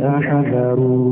大山的路。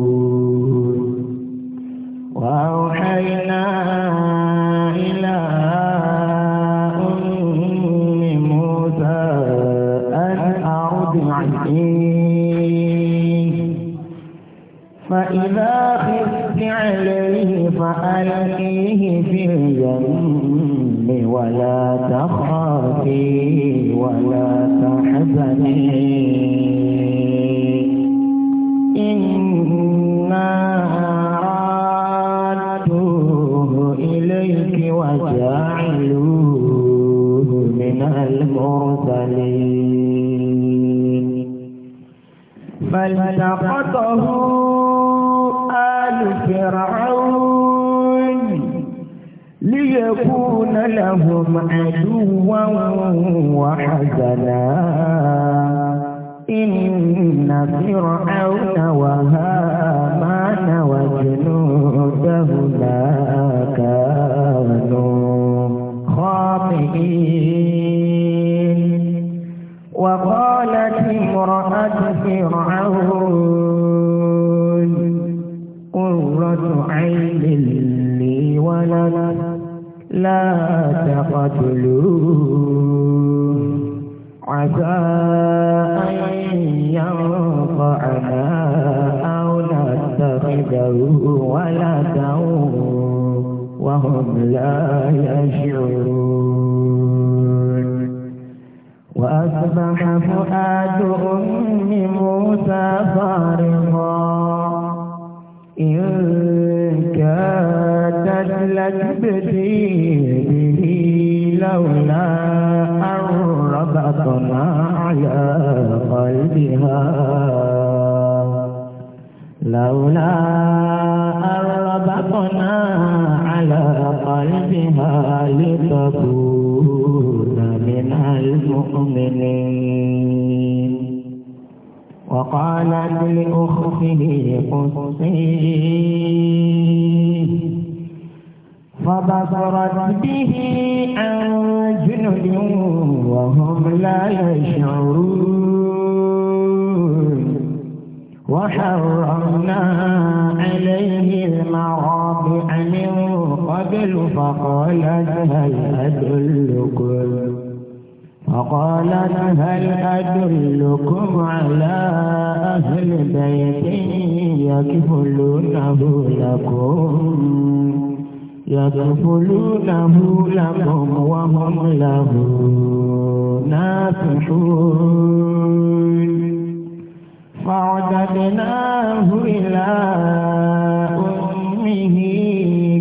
يدخلونه لهم وهم له ناصحون فعددناه إلى أمه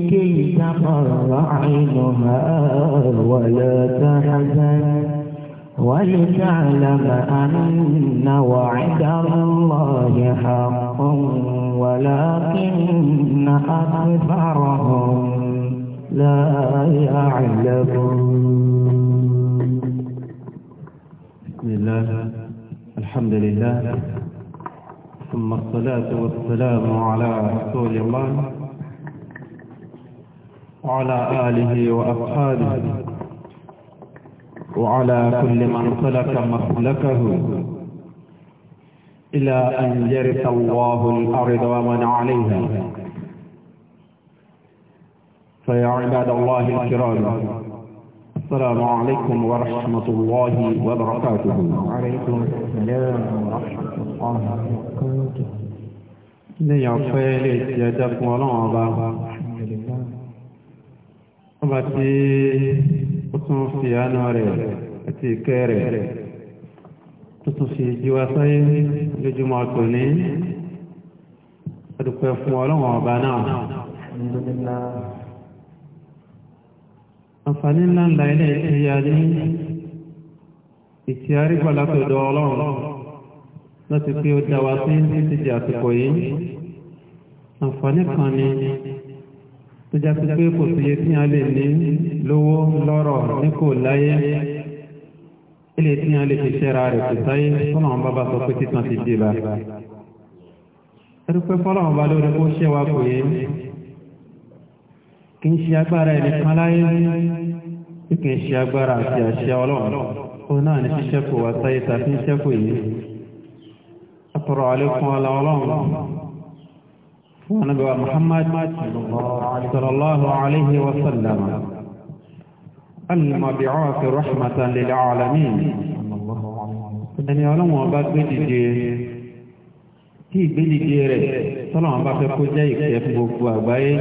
كي تقر عينها ولا تحزن ولتعلم أن وعد الله حق ولكن أكثرهم لا يعلمون بسم الله الحمد لله ثم الصلاة والسلام على رسول الله وعلى آله وأصحابه وعلى كل من سلك مسلكه إلى أن يرث الله الأرض ومن عليها فيا عباد الله الكرام السلام عليكم ورحمة الله وبركاته وعليكم السلام ورحمة الله وبركاته ليعفيلي يدك ولعبا وبتي أصنف يا ناري أتي كاري تصفي جواسي لجمعة كوني أدوك فمولون وبنام الحمد لله àǹfààní ńlá ńlá ilé ìyá ní ìtì àrígbà látọ̀dọ̀ ọlọ́run láti pé ó dá wa sí títí di àsìkò yìí àǹfààní kan ni tó já sí pé kò sí iye tí a lè ní lówó lọ́rọ̀ ní kò láyé ilé tí a lè fi ṣẹ́ra rẹ̀ kò sáyé fọ́nà àwọn bàbá sọ pé títàn ti dì bá. ẹrú pé fọ́nà lórí kó ṣẹ́wàá kò yé kì í ṣe agbára ẹnìkan láyé tí kì í ṣe agbára àti àṣẹ ọlọ́run ó náà ní ṣíṣẹ́kù wá sáyé tàbí ṣẹ́kù yìí àtọ̀rọ̀ àlékún ọlá ọlọ́run fún ẹni ọlọ́run ọba gbé dìde tí ìgbé dìde rẹ̀ tọ́lọ́run bá fẹ́ kó jẹ́ ìkẹ́ gbogbo àgbáyé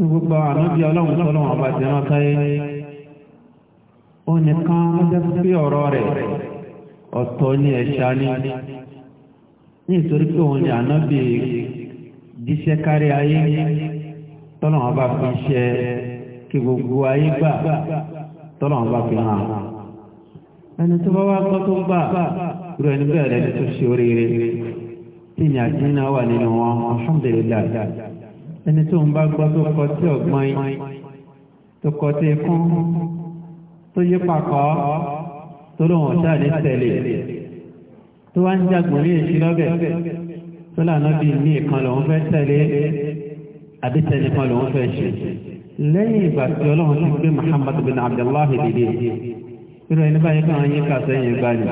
gbogbo ànábí ọlọ́run tọ́lọ́run ọba ti rán sáyé ó nìkan lọ́jọ́ sí ọ̀rọ̀ rẹ̀ ọ̀tọ̀ ní ẹ̀ṣá ní nítorí pé òun ni ànábí díṣẹ́ kárí ayé tọ́lọ́run ọba fi ṣe kí gbogbo ayé gbà tọ́lọ́run ọba fi hàn ẹni tó bá wá gbọ́ tó gbà rú ẹni bẹ́ẹ̀ rẹ̀ tó ṣe oríire tí ìyàjí náà wà nínú wọn alhamdulillah ẹni tó ń bá gbọ́ tó kọ tí ọ̀gbọ́n yìí tó kọ tí ikún tó yí papọ̀ tó lóun ọ̀ṣà ní tẹ̀lé tó wá ń jagun ní èsì lọ́bẹ̀ tó lànà bí ní ìkan lòun fẹ́ tẹ̀lé àbí tẹ̀lé kan lòun fẹ́ ṣe lẹ́yìn ìgbà tí ọlọ́run ti gbé Muhammad bin Abdullahi dìde irú ẹni báyìí kan yín kà sẹ́yìn gbani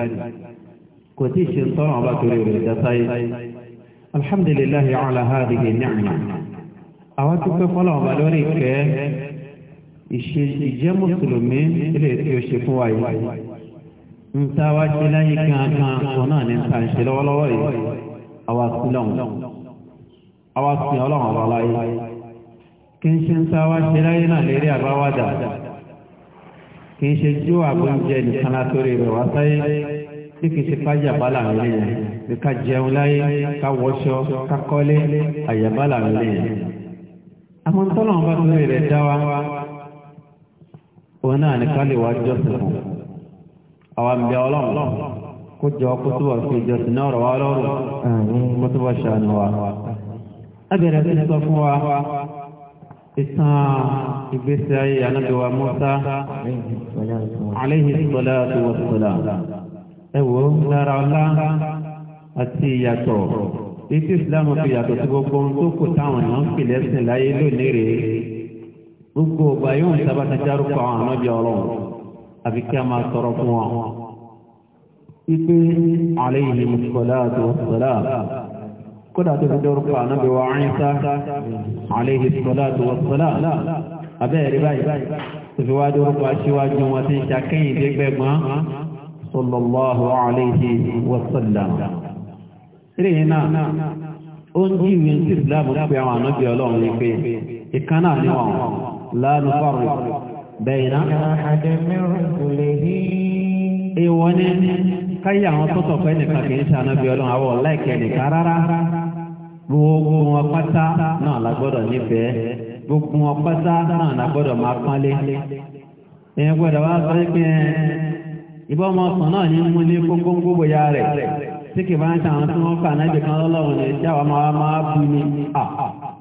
kò tí ì ṣe ń tọ́rọ̀ ọba torí rẹ̀ dásáyé alhamdulillahi ala hadhihi ni'ma àwọn tó pẹ́ fọ́lọ̀ ọ̀bà lórí ìfẹ́ ìṣe ìjẹ́ mùsùlùmí ilé tí ó ṣe fún wa yìí ń tá wá ṣe láyé kankan kan náà ní ta ń ṣe lọ́wọ́lọ́wọ́ yìí àwa sí lọ́hùn àwa sí ọlọ́run ọba láyé kí n ṣe ń tá wá ṣe láyé náà lérí àbáwádà kì í ṣe jó àbújẹ nìkan látòrí rẹ̀ wá sáyé tí kì í ṣe ká yàbálà nílé yẹn ká jẹun láyé ká wọṣọ ká kọ́lé àyàbálà nílé yẹn. àmọ́ tọ́lọ̀ bá tó rẹ̀ dá wa òun náà ní ká lè wá jọ́sìn fún àwọn àmì ọlọ́run kó jọ kó túbọ̀ fi jọ́sìn náà rọ̀ lọ́rùn kó túbọ̀ ṣàánú wa. abẹ́rẹ́ sí sọ fún ètò ìsìlámù fi yàtọ̀ sí gbogbo ohun tó kù táwọn èèyàn ń pè lẹ́sìn láyé lónìí rèé gbogbo ọgbà yóò ń sábà tajarúkọ àwọn ànábì ọlọ́run àfi kí a máa tọrọ fún wọn. ipe àlẹ́yìn mùsùlùmí àti wàsálà kódà tó fi dọ́rùkọ ànábì wa Ìsá àlẹ́yìn mùsùlùmí àti wàsálà abẹ́rẹ́ rí báyìí tó fi wá dọ́rùkọ aṣíwájú wọn ti ń ṣàkẹ́yìn dégbẹ́gbọ́n sallallahu alayhi wa sallam. eléyìí náà ó ń jí ìwé sí ìsìláàmù pé àwọn ànábì ọlọ́run ní pé ìkan ní wọn lánàá fọ́ọ̀rù bẹ́ẹ̀ náà. èèwọ̀ ni káyé àwọn tọ́tọ̀ pé nìkan kì í ṣe ànábì ọlọ́run àwọn ọ̀láìkẹ́ nìkan rárá gbogbo wọn pátá náà la gbọ́dọ̀ nífẹ̀ẹ́ gbogbo wọn pátá náà la gbọ́dọ̀ máa pánlé gbọ́dọ̀ wá sọ pé tí kì bá ń ṣàwọn tí wọ́n fà náà jẹ́kan lọ́lọ́wọ̀n lè jáwà máa máa bú ní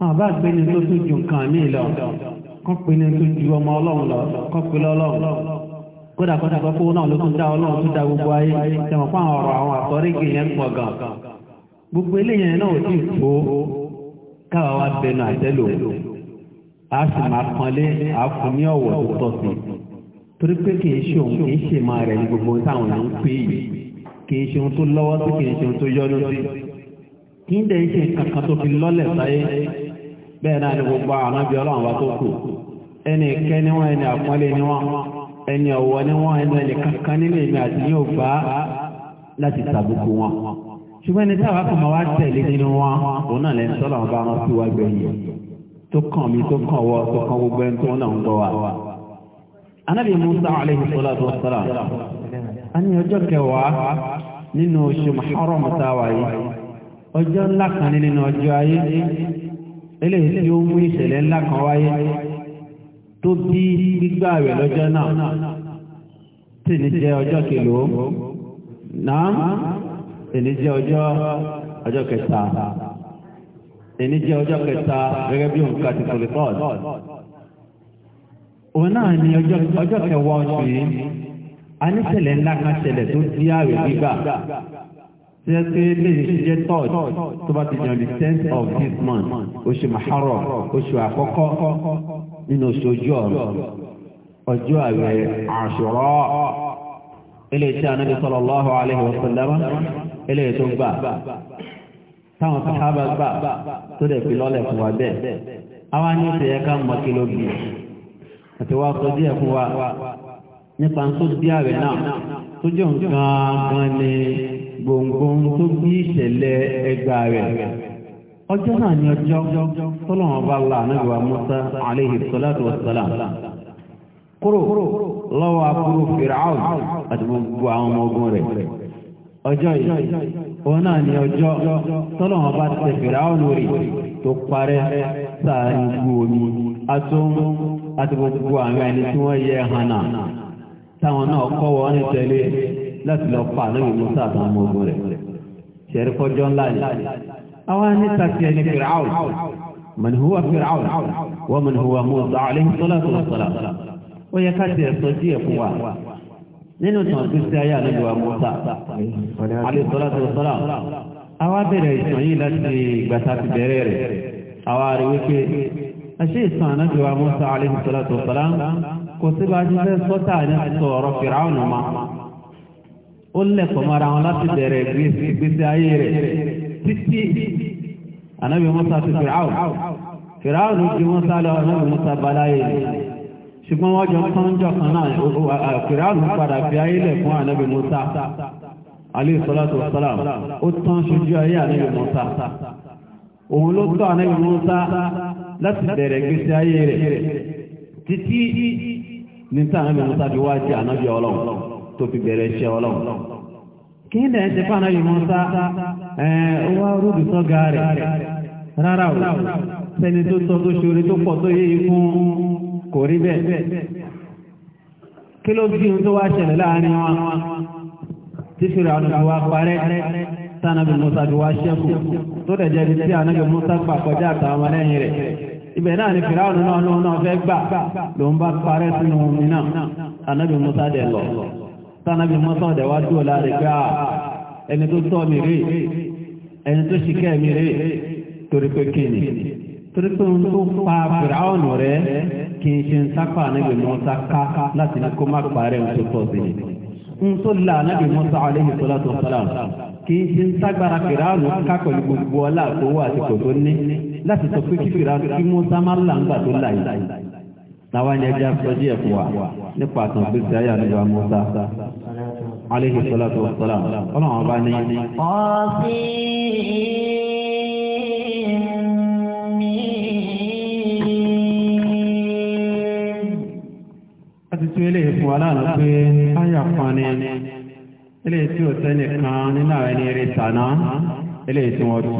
àbá gbéni tó tún ju nǹkan ní ìlọ kọ́ pé ní tó ju ọmọ ọlọ́run lọ kọ́ pé lọ́lọ́run kódà kódà kọ́ pé náà ló tún dá ọlọ́run tún dá gbogbo ayé tẹ̀wọ̀n fún àwọn ọ̀rọ̀ àwọn àtọ́rígì yẹn pọ̀ gan gbogbo eléyẹn náà ò tí tó káwa wá bẹnu àtẹ́lò a sì máa pọnlé àfún ní ọ̀wọ̀ tó tọ́ sí torí pé kì í ṣe òun kì í ṣe máa rẹ̀ ní gbogbo táwọn èèyàn ń pè yìí kìí ṣe ohun tó lọ́wọ́ sí kìí ṣe ohun tó yọ́nú sí kí ń dẹ̀ ń ṣe kankan tó fi lọ́lẹ̀ sáyé bẹ́ẹ̀ náà ni gbogbo àwọn ibi ọlọ́run bá tó kù ẹni ìkẹ́ ni wọ́n ẹni àpọ́nlé ni wọ́n ẹni ọ̀wọ́ ni wọ́n ẹni ẹni kankan nínú èmi àti yóò bá láti tàbùkù wọn ṣùgbọ́n ẹni táwa kàn máa wá tẹ̀lé nínú wọn òun náà lẹ́nu tọ́lọ̀ bá wọn sí wá gbẹ̀yìn tó kàn mí tó kàn wọ tó kàn gbogbo ẹni tó náà ń gbọ́ wa. anábì Musa alayhi salatu wa salam a ní ọjọ́ kẹwàá nínú oṣù Muharram tàwa yìí ọjọ́ ńlá kan ní nínú ọjọ́ ayé eléyìí tí ó mú ìṣẹ̀lẹ̀ ńlá kan wáyé tó bí gbígbà rẹ̀ lọ́jọ́ náà tí ní jẹ́ ọjọ́ kìlò náà èní jẹ́ ọjọ́ ọjọ́ kẹta èní jẹ́ ọjọ́ kẹta gẹ́gẹ́ bí òǹkà ti kòlìtọ́ọ̀dù òun náà ni ọjọ́ kẹwàá oṣù yìí aníṣẹ̀lẹ̀ ńlá kan ṣẹlẹ̀ tó di ààrẹ gbígbà tí ẹ pé lè jẹ́ tọ́ọ̀tì tó bá ti jàn the tenth of this month oṣù Muharram oṣù àkọ́kọ́ nínú oṣù ojú ọ̀rọ̀ ọjọ́ ààrẹ Àṣúrà ilé tí Ànábì sallallahu alaihi wa sallam ilé tó gbà táwọn sàhábà gbà tó dẹ̀ fi lọ́lẹ̀ fún wa bẹ́ẹ̀ àwọn ní ìṣẹ̀yẹ ká mọ́ kí ló bì àti wá sọ díẹ̀ fún wa nípa tó bí ààrẹ náà tó jẹ́ nǹkan gan ni gbòǹgbòǹ tó bí ìṣẹ̀lẹ̀ ẹgbà rẹ̀ ọjọ́ náà ni ọjọ́ tọ́lọ́wọ́n bá la ànágbà Musa alayhi salatu wa salam kúrò lọ́wọ́ akúrò Fir'aun àti gbogbo àwọn ọmọ ogun rẹ̀ ọjọ́ yìí òun náà ni ọjọ́ tọ́lọ́wọ́n bá tẹ Fir'aun lórí tó parẹ́ sáà ní gbòòmí atún àti àwọn ẹni tí wọ́n yẹ hànà táwọn náà kọ́ wọn ní tẹ́lẹ̀ láti lọ pa lórí musa àtàwọn ọmọ ogun rẹ̀ ṣẹ̀rí kọjọ́ ńlá ni àwọn ní tàkì ẹni fìràwùn man huwa fìràwùn wa man huwa musa alayhi salatu wa salam ó yẹ ká tiẹ̀ sọ díẹ̀ fún wa nínú tàn tó ṣe ayé àlejò wa musa alayhi salatu wa salam àwa bẹ̀rẹ̀ ìtàn yìí láti gbàtà ti bẹ̀rẹ̀ rẹ̀ àwa rí wípé àṣẹ ìtàn àlejò wa musa alayhi salatu wa salam kò sí bá ti fẹ́ sọ́tà ní sọ̀rọ̀ fìràwọ̀n ma ó lẹ̀kọ̀ mara wọn láti bẹ̀rẹ̀ gbèsè ayé rẹ̀ títí anábì Mùsá ti fìràwọ̀n fìràwọ̀n jí wọ́n sá lọ anábì Mùsá baláyé ṣùgbọ́n wọ́n jọ kánjọ kan náà fìràwọ̀n padà fi ayé lẹ̀ fún anábì Mùsá alayhi salatu wa salam ó tán ṣojú ayé anábì Mùsá òun ló tọ́ anábì Mùsá láti bẹ̀rẹ̀ gbèsè ayé rẹ̀ títí ní sáà ní musa fi wájú ànábì ọlọ́run tó fi bẹ̀rẹ̀ iṣẹ́ ọlọ́run kí ní ẹ̀ṣẹ̀ fún ànábì musa wá rúbi sọ́gà rẹ̀ rárá o sẹ́ni tó tọ́ tó ṣoore tó pọ̀ tó yéye fún kò rí bẹ́ẹ̀ kí ló bí ohun tó wá ṣẹlẹ̀ láàrin wa tí fèrè àwọn ìwà parẹ́ tánàbì musa fi wá ṣẹ́kù tó dẹ̀ jẹ́ ibi tí ànábì musa rẹ̀ ibẹ̀ náà ni fìráùnù náà lóun náà fẹ́ gbà ló ń bá parẹ́ sínú omi náà tànàbí musa dẹ̀ lọ tànàbí musa dẹ̀ wá dúró láre gbà ah, ẹni tó tọ́ mi rè ẹni tó ṣìkẹ́ mi rè torí pé kíni torí pé ohun tó pa fìráùnù rẹ kì í ṣe ń sápà níbi musa ká láti ní kó má parẹ́ ohun tó tọ́ sí ni ohun tó la níbi musa alayhi salatu wa salam kì í ṣe ń ságbára fìráùnù ká pẹ̀lú gbogbo ọlá àtòwò àti kò tó ní láti sọ pé kí fìrà kí Musa máa ń là ń gbà tó là yìí làwọn ẹni ẹja sọ díẹ̀ fún wa nípa àtàn gbèsè ayé àdúgbò Musa aleyhi salatu wa salam ọlọ́run ọba ní. láti tún eléyìí fún wa lánàá pé ayà kan ní eléyìí tí ò sẹ́nìkan nínú àwọn ẹni eré tàná eléyìí tí wọ́n tù.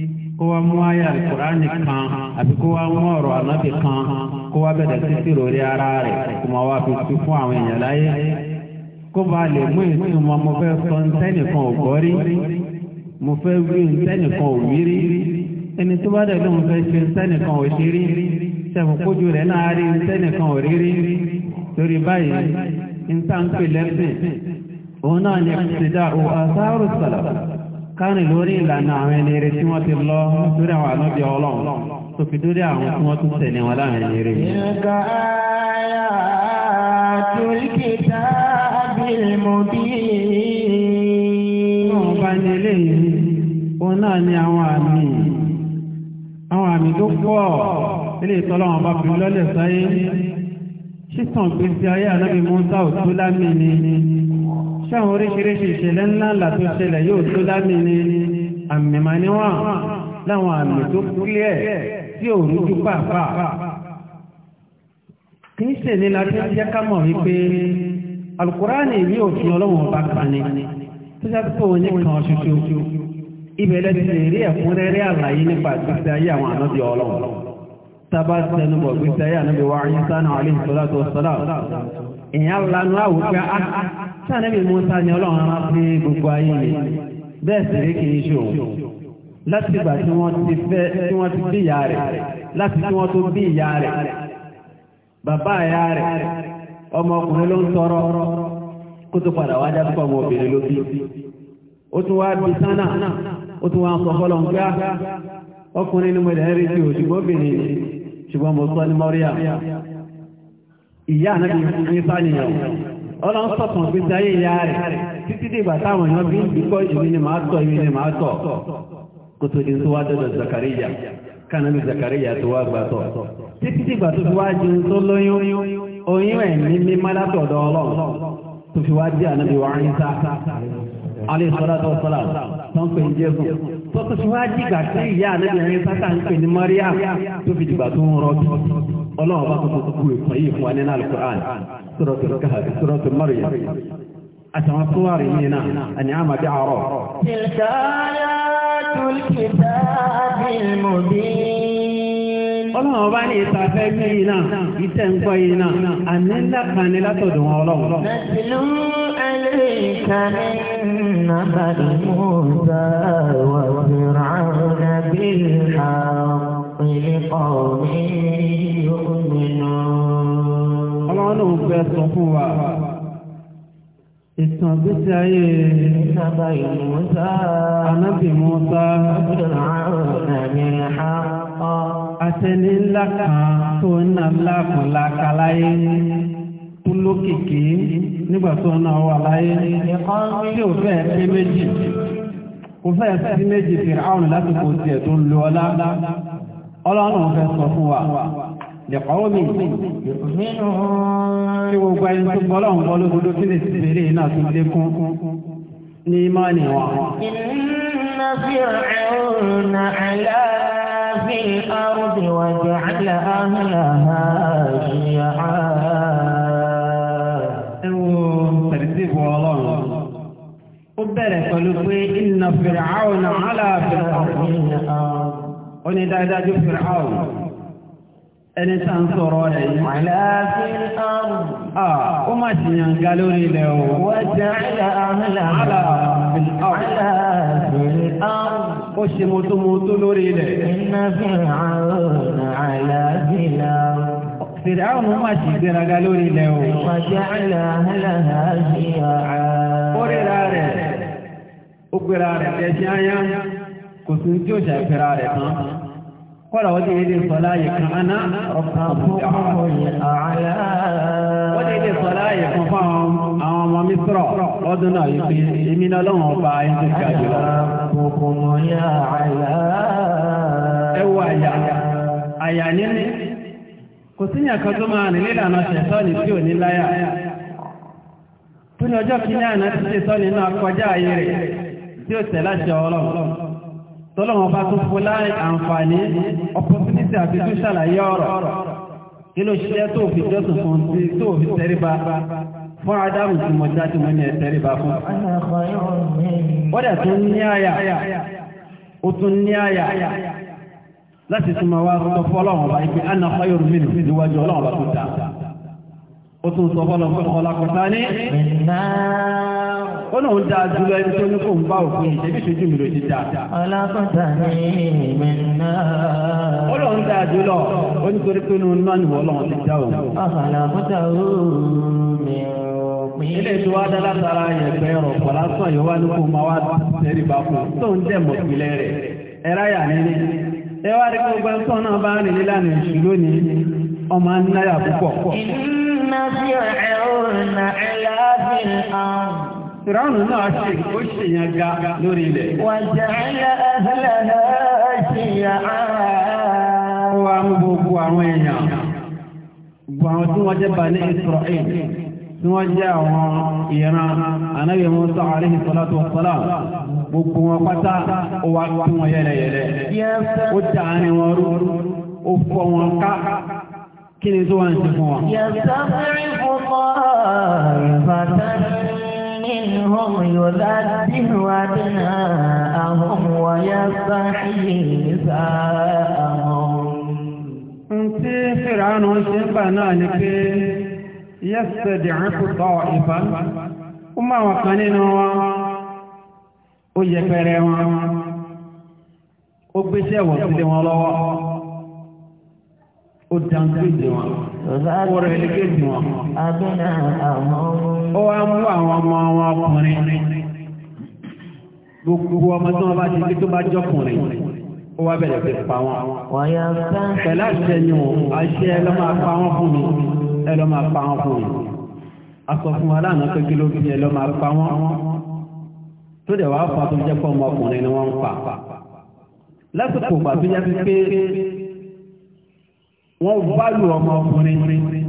kó wá mú àyà alukur'ani kan àbí kó wá mú ọ̀rọ̀ ànábì kan kó wá bẹ̀rẹ̀ títí lórí ara rẹ̀ kó máa wá fi fi fún àwọn èèyàn láyé kó bá lè mú ìtumọ̀ mo fẹ́ sọ ntẹ́nìkan ò gbọ́ mo fẹ́ wí ntẹ́nìkan ò wí ẹni tó bá dẹ̀ ló ń fẹ́ ṣe ntẹ́nìkan ò ṣe rí sẹ́fún kójú rẹ̀ náà rí ntẹ́nìkan ò rí rí torí báyìí ntàǹpẹ̀ lẹ́sìn òun náà ni ṣèdá òun àṣà àrùsàlà kárìn lórí ìlànà àwọn ẹni rẹ̀ tí wọ́n ti lọ lórí àwọn ànábì ọlọ́run tó fi dórí àwọn tí wọ́n tún tẹ̀lé wọn láwọn ẹni rẹ̀. ìrìnkà ayà àtúrìkìtà àbílmọ̀bí. wọ́n bá ní eléyìí òun náà ni àwọn àmì sáwọn oríṣiríṣi ìṣẹ̀lẹ̀ ńlá ńlá tó ṣẹlẹ̀ yóò tó lámì ní àmìmá níwọ̀n láwọn àmì tó kílẹ̀ tí ò rújú pàápàá kì í ṣe ní láti jẹ́ ká mọ̀ wípé alukuraani ìwé òfin ọlọ́wọ̀n ọba kan ni tó sábẹ́ pé òun ní kan ṣoṣo ibẹ̀ lẹ́sìn lè rí ẹ̀kúnrẹ́rẹ́ àlàyé nípa ìgbésí ayé àwọn ànábì ọlọ́wọ̀n tábà tẹnubọ̀ ìgbésí ayé ànábì wa ayé sánà àlẹ́ ìṣọ́lá tó sọ́lá ìyá lanu àwùjọ sáàrẹ́bì Musa ni ọlọ́run rán sí gbogbo ayé ni bẹ́ẹ̀ sì rí kìí láti ìgbà tí wọ́n ti fẹ́ tí wọ́n ti bí ìyá rẹ̀ láti tí wọ́n tó bí ìyá rẹ̀ bàbá ìyá rẹ̀ ọmọkùnrin ló ń tọrọ kó tó padà wá dá púpọ̀ ọmọbìnrin ló bí ó tún wá bí sánà ó tún wá ń sọ gbá ah, ọkùnrin ni mo ọlọ́run sọ̀tàn gbèsè ayé ìyá rẹ̀ títí dìgbà táwọn èèyàn bí ìgbìkọ́ ìmí ni màá tọ̀ ìmí ni màá tọ̀ kó tó di tó wá dọ̀dọ̀ Zakariya kánàbí Zakariya tó wá gbà tọ̀ títí dìgbà tó fi wá jẹun tó lóyún oyún ẹ̀ ní mímá látọ̀dọ̀ ọlọ́run tó fi wá jẹ́ ànábi wa ń sá alẹ́sọ́látọ̀ sọ́lá tó ń pè ní Jésù tó tó fi wá jìgbà sí ìyá ànábi ẹ̀rín ọlọ́run bá tuntun kúkú ìtàn yìí fún wa nínú alukur'an suratul kahf suratul maryam àtàwọn fúwárì yìí náà àní àmà bí àárọ̀. tilka ayatul kitabil mubin. ọlọ́run bá ní ìta fẹ́ gbé yìí náà ìtẹ̀ ń gbọ́ yìí náà àní ńlá kan ní látọ̀dọ̀ wọn ọlọ́run. nàìjíríà عليك من نبأ موسى وفرعون بالحق لقوم ọlọ́run náà fẹ́ sọ fún wa ìtàn gbèsè ayé anábì Mùsá àtẹni ńlá kan tó ńlá ńlá kan lákàláyé tó lókìkí nígbà tó náà wà láyé tí ò fẹ́ pé méjì kò fẹ́ sí méjì Fìràwọn lásìkò tiẹ̀ tó ń lo ọlá ọlọ́run fẹ́ sọ fún wa. لقوم يؤمنون وقال ثم لهم قالوا هدوء في السبيلين أصدقون لإيمان وعلا إن فرعون علا في الأرض وجعل أهلها شيعا ترتيب والله وبرك لقي إن فرعون علا في الأرض وني داداج فرعون ẹni tá ń sọ̀rọ̀ rẹ̀ yìí. Àláàfin àrùn. Ó máa ti yàn ga lórí ilẹ̀ o. Wọ́n jẹ́ àláàfin àrùn. Ó ṣe mọ́tòmọ́tò lórí ilẹ̀. Iná fi àrùn àláàfin àrùn. Fìdáhùn lórí ilẹ̀ o. Ó rírà rẹ̀. Ó gbéra rẹ̀ lẹ́sìn ayá. Kò sí tí ó ṣàìfẹ́ra rẹ̀ tán kọ́ra wọ́n ti ilé sọ́lá yìí kan aná ọ̀pọ̀ wọ́n ti ilé sọ́lá yìí kan fún àwọn ọmọ mi sọ̀rọ̀ lọ́dún náà yìí fi èmi náà lọ́wọ́ ọba ayé tó ga jù lọ. ẹ wo àyà àyà níní kò sí yàn kan tó máa rìn nílànà ṣẹ̀tọ́ni tí ò ní láyà tó ní ọjọ́ kí ní àná ti ṣe sọ́ni náà kọjá ayé rẹ̀ tí ó tẹ̀ láṣẹ ọlọ́run tọ́lọ́wọ́n bá tún fún láì àǹfààní opportunity àti tún ṣàlàyé ọ̀rọ̀ kí ló ṣiṣẹ́ tó fi jọ́sùn fún ti tó fi tẹríba fún adáhùn tí mo jáde mo ní ẹ̀tẹ́ríba fún. wọ́n dẹ̀ tún ní àyà ó tún ní àyà kọ́nà ń dáa jùlọ ẹni tó ní kò ń bá òfin ìṣẹ́bí ìṣojú mi ló ti dáa. ọlọ́kọ̀tà ní ìmẹ̀ náà. ọlọ́ ń dáa jùlọ ó ní torí pé inú náà ni wọ́n lọ́wọ́ ti dá o. ọ̀hàlàkọ̀tà ó mi ilé ìtura wá dára sára yẹ̀pẹ̀ rọ̀ pọ̀lá sàn yóò wá ní máa wá tẹ̀rí bá fún un tó ń dẹ̀ mọ̀ rẹ̀ ẹ̀rá yà nílé. ẹ wá rí gbogbo ẹ̀sán náà bá rìn nílànà ìṣù lónìí ọmọ anáyà púpọ̀. ìnáfíà ẹ̀rọ ìnà ẹ̀yà bí i Fìránù náà ṣe ó ṣe yàn ga lórí ilẹ̀. Wàjẹ̀ ilẹ̀ ẹ̀hẹ́lẹ̀ náà ṣe yà á. Ó wá mú gbogbo àwọn èèyàn, gbogbo àwọn tí wọ́n jẹ́ bá ní Israel, tí wọ́n jẹ́ àwọn ìran Ànábì Mùsá alayhi salatu wa salam, gbogbo wọn pátá ó wá pín wọn yẹlẹyẹlẹ. Ó dàárín wọn rú, ó fọ́ wọn ká kí ni tó wá ń ṣe fún wọn. Yẹ̀sán fẹ́rẹ̀ fún منهم يذبح أبناءهم ويستحيي نساءهم Ntí Fìránù ṣe ń bà náà ni pé yẹ́sẹ̀dì àkùtọ̀ ìbá, ó máa wà kan nínú wọn, wọn, ó wá mú àwọn ọmọ wọn ọkùnrin gbogbo ọmọ tí wọ́n bá ti fi tó bá jọkùnrin ó wá bẹ̀rẹ̀ pé pa wọn. pẹ̀lú àṣẹ ni wọn àṣẹ ẹ lọ́ máa pa wọn fún mi ẹ lọ́ máa pa wọn fún mi. a sọ fún wa lánàá pé kí ló fi ẹ lọ́ máa pa wọn tó dẹ̀ wá fa tó jẹ́ pọ́ ọmọkùnrin ni wọ́n ń pa. lásìkò ìgbà tó yẹ pé wọ́n bá lù ọmọkùnrin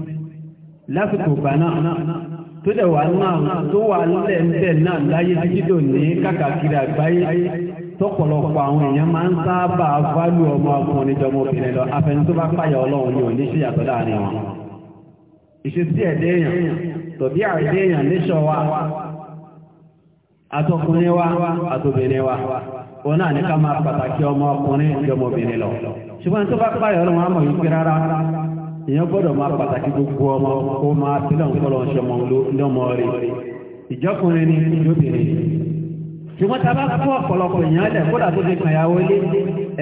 lásìkò ìgbà náà. tó dẹ̀ wà náà tó wà nílẹ̀ ń náà láyé dídò ní kàkàkiri àgbáyé tọ́pọ̀lọpọ̀ àwọn èèyàn máa ń sábà válù ọmọ ọkùnrin jọmọ obìnrin lọ afẹni tó bá pààyà ọlọ́run ní òní sí yàtọ̀ láàrin wọn. wa wa wa òun náà ní ká máa pàtàkì ọmọ ọkùnrin jọmọ obìnrin lọ. ṣùgbọ́n tó bá èèyàn gbọ́dọ̀ máa pàtàkì gbogbo ọmọ ó máa sílẹ̀ ń kọ́lọ̀ ṣe ọmọ lọ́mọ rẹ̀ ìjọkùnrin ni ìjọbìnrin ṣùgbọ́n ta bá fọ́ ọ̀pọ̀lọpọ̀ èèyàn lẹ̀ kódà tó fi kàyàwó lé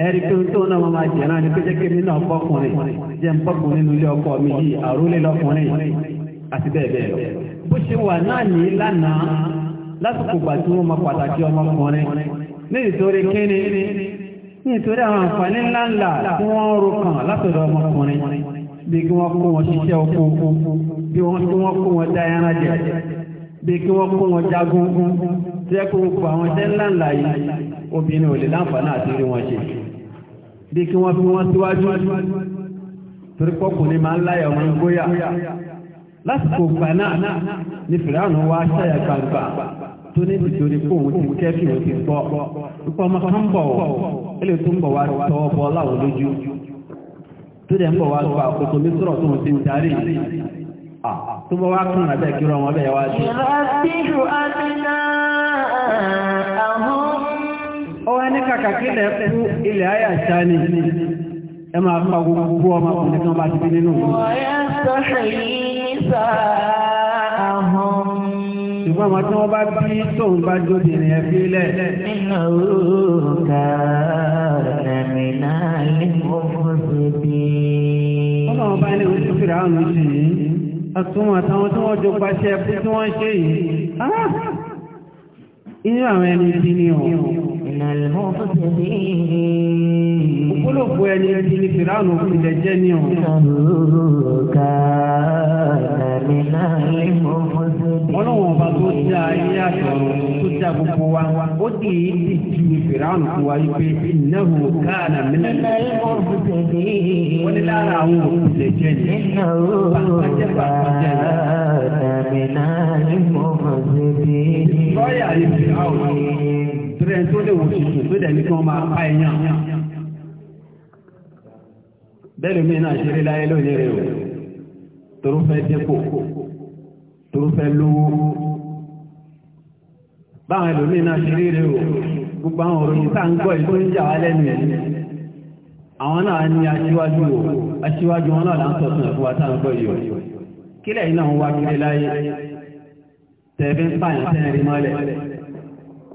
ẹ̀rí pé tó náà máa jẹ̀ náà ni pé jẹ́ kémi náà bọ́kùnrin jẹ́ ń bọ́kùnrin nínú ilé ọkọ mi yìí àrólé lọ́kùnrin àti bẹ́ẹ̀ bẹ́ẹ̀ lọ. bó ṣe wà náà ní lánàá lásìkò gbà tí wọ́n máa pàtàkì ọmọkùnrin nítorí kíni nítorí àwọn àǹfààní ńláńlá tí wọ́n ń ro látọ̀dọ̀ ọmọkùnrin bí kí wọ́n kó wọn ṣiṣẹ́ oko bí wọ́n kí wọ́n kó wọn dá ẹran jẹ bí kí wọ́n kó wọn jagun tí ẹ kó gbogbo àwọn iṣẹ́ ńláńlá yìí obìnrin ò lè láǹfààní àti rí wọn ṣe bí kí wọ́n fi wọ́n síwájú torí ni fìlànà wá ṣàyà gbangba tó ní ìtòrí fóun ti kẹ́fì òfin gbọ́ tó dẹ̀ ń bọ̀ wá gba àkókò mi sọ̀rọ̀ tó ń ti ń darí tó bọ́ wá kún àbẹ́ kí wọ́n bẹ̀ wá sí. ó wá ní kàkà kí ilẹ̀ kú ilẹ̀ ayé àṣà ni ẹ máa fa gbogbo ọmọkùnrin kan bá ti bí nínú. ọ̀yẹ́ sọ̀rọ̀ yìí sáà ṣùgbọ́n ọmọ tí wọ́n bá bí tóun bá jóde ní ẹbí lẹ̀. nínú òkà ẹ̀mí náà lè mú fòṣe bí. ọlọ́run bá ní oṣù fìrà ọ̀run sí i àtúnwọ̀n àtàwọn tí wọ́n jọ pàṣẹ ẹbí tí wọ́n ṣe yìí. Ah! inú àwọn ẹni bí ni ọ̀hún. Ògbólógbò ẹni ẹni ni Fìránù fi lẹ jẹ́ ní ọ̀hún. Ọlọ́run ọba tó dá ayé àtọ̀run tó dá gbogbo wa, ó dì í ju Fìránù fún wa wípé ìnáwó káàlà mílẹ̀. Wọ́n ní lára àwọn òkú lẹ jẹ́ ní. Bàbájẹ́ bàbájẹ́ lọ. Lọ́yà yìí Fìránù torí ẹni tó lè wò tuntun tó dẹ̀ ní kí wọ́n máa pa ẹ̀yàn. bẹ́ẹ̀ mi náà ṣeré láyé lónìí rẹ̀ o torú fẹ́ dépò torú fẹ́ lówó báwọn ẹlòmíín náà ṣeré rẹ̀ o gbogbo àwọn òròyìn tá ń gbọ́ ìlú ń jà wá lẹ́nu ẹ̀ àwọn náà ní aṣíwájú o aṣíwájú wọn náà là ń sọ̀tún ẹ̀fọ́ wa gbọ́ yìí kílẹ̀ yìí wá kílẹ̀ láyé tẹ̀ẹ̀fẹ́ ń pààyàn tẹ́ẹ̀rí mọ́lẹ̀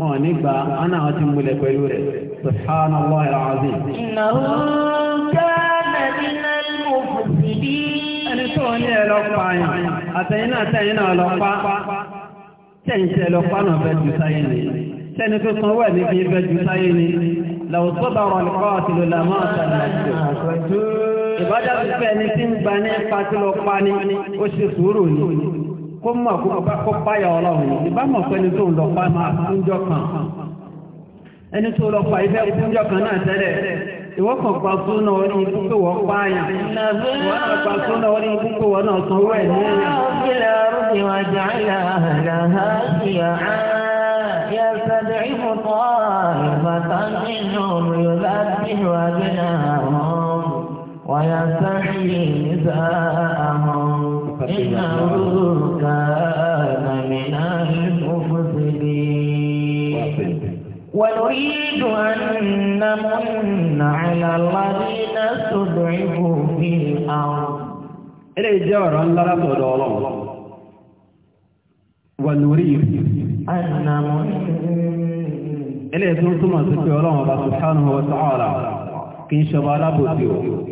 wọn nígbà ọ́nà àwọn tí múlẹ̀ pẹ̀lú rẹ̀ subhanallahi alazim. innahu kana minal mufsidin. ẹni tó ní ẹlọ pààyàn àtẹ̀yìn náà tẹ̀yìn náà lọ pa tẹ̀yìn tẹ̀ lọ pa náà fẹ́ sáyé ni tẹ́ni tó sanwó ẹ̀ àti lọ́la máa tẹ̀lé ìbájá ti fẹ́ ẹni tí ń gba ní ipa tí ó ṣe sùúrù ni kó mọ̀ kó páyà ọlọ́run yìí bá mọ̀ pé ẹni tó ń lọ máa kúnjọ kan ẹni tó lọ pa ìfẹ́ kan náà tẹ́lẹ̀ ìwọ́n kan pa súnà orí ikú pé wọ́n pààyàn ìwọ́n kan pa súnà orí ikú pé wọ́n náà sanwó ẹ̀ ní ẹ̀yà. خطيئا إنه من المفسدين ونريد أن نمن على الذين استضعفوا في الأرض إليه جار الله رب ونريد أن نمن إليه تنصمت في الله سبحانه وتعالى كي شبالا بوتيو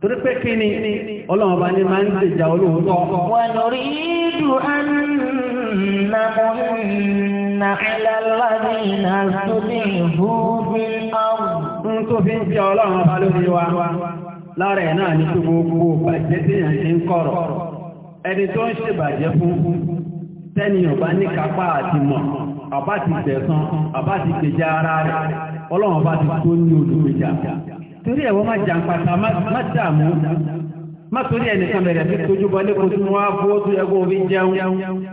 torí pé kí ni ọlọ́run bá ní máa ń tèjà olóhun tó ọkọ̀. wọ́n lórí ìdù ànàmọ́nà ìlàlọ́dí fi ń jẹ́ ọlọ́run bá lórí wa lára ẹ̀ náà ní tó gbogbo bàjẹ́ tí yàn ṣe ń kọ̀rọ̀ ẹni tó ń ṣe bàjẹ́ fún tẹ́ni ọba ní ti gbẹ̀san àbá ti gbèjà ara rẹ̀ ọlọ́run bá ti tó ní olùgbèjà torí ẹ̀wọ́ má jà ń pàtà má dààmú má torí ẹnìkan bẹ̀rẹ̀ sí tójú bọ́lé kó tún wá fún ó tún yẹ kó fi jẹun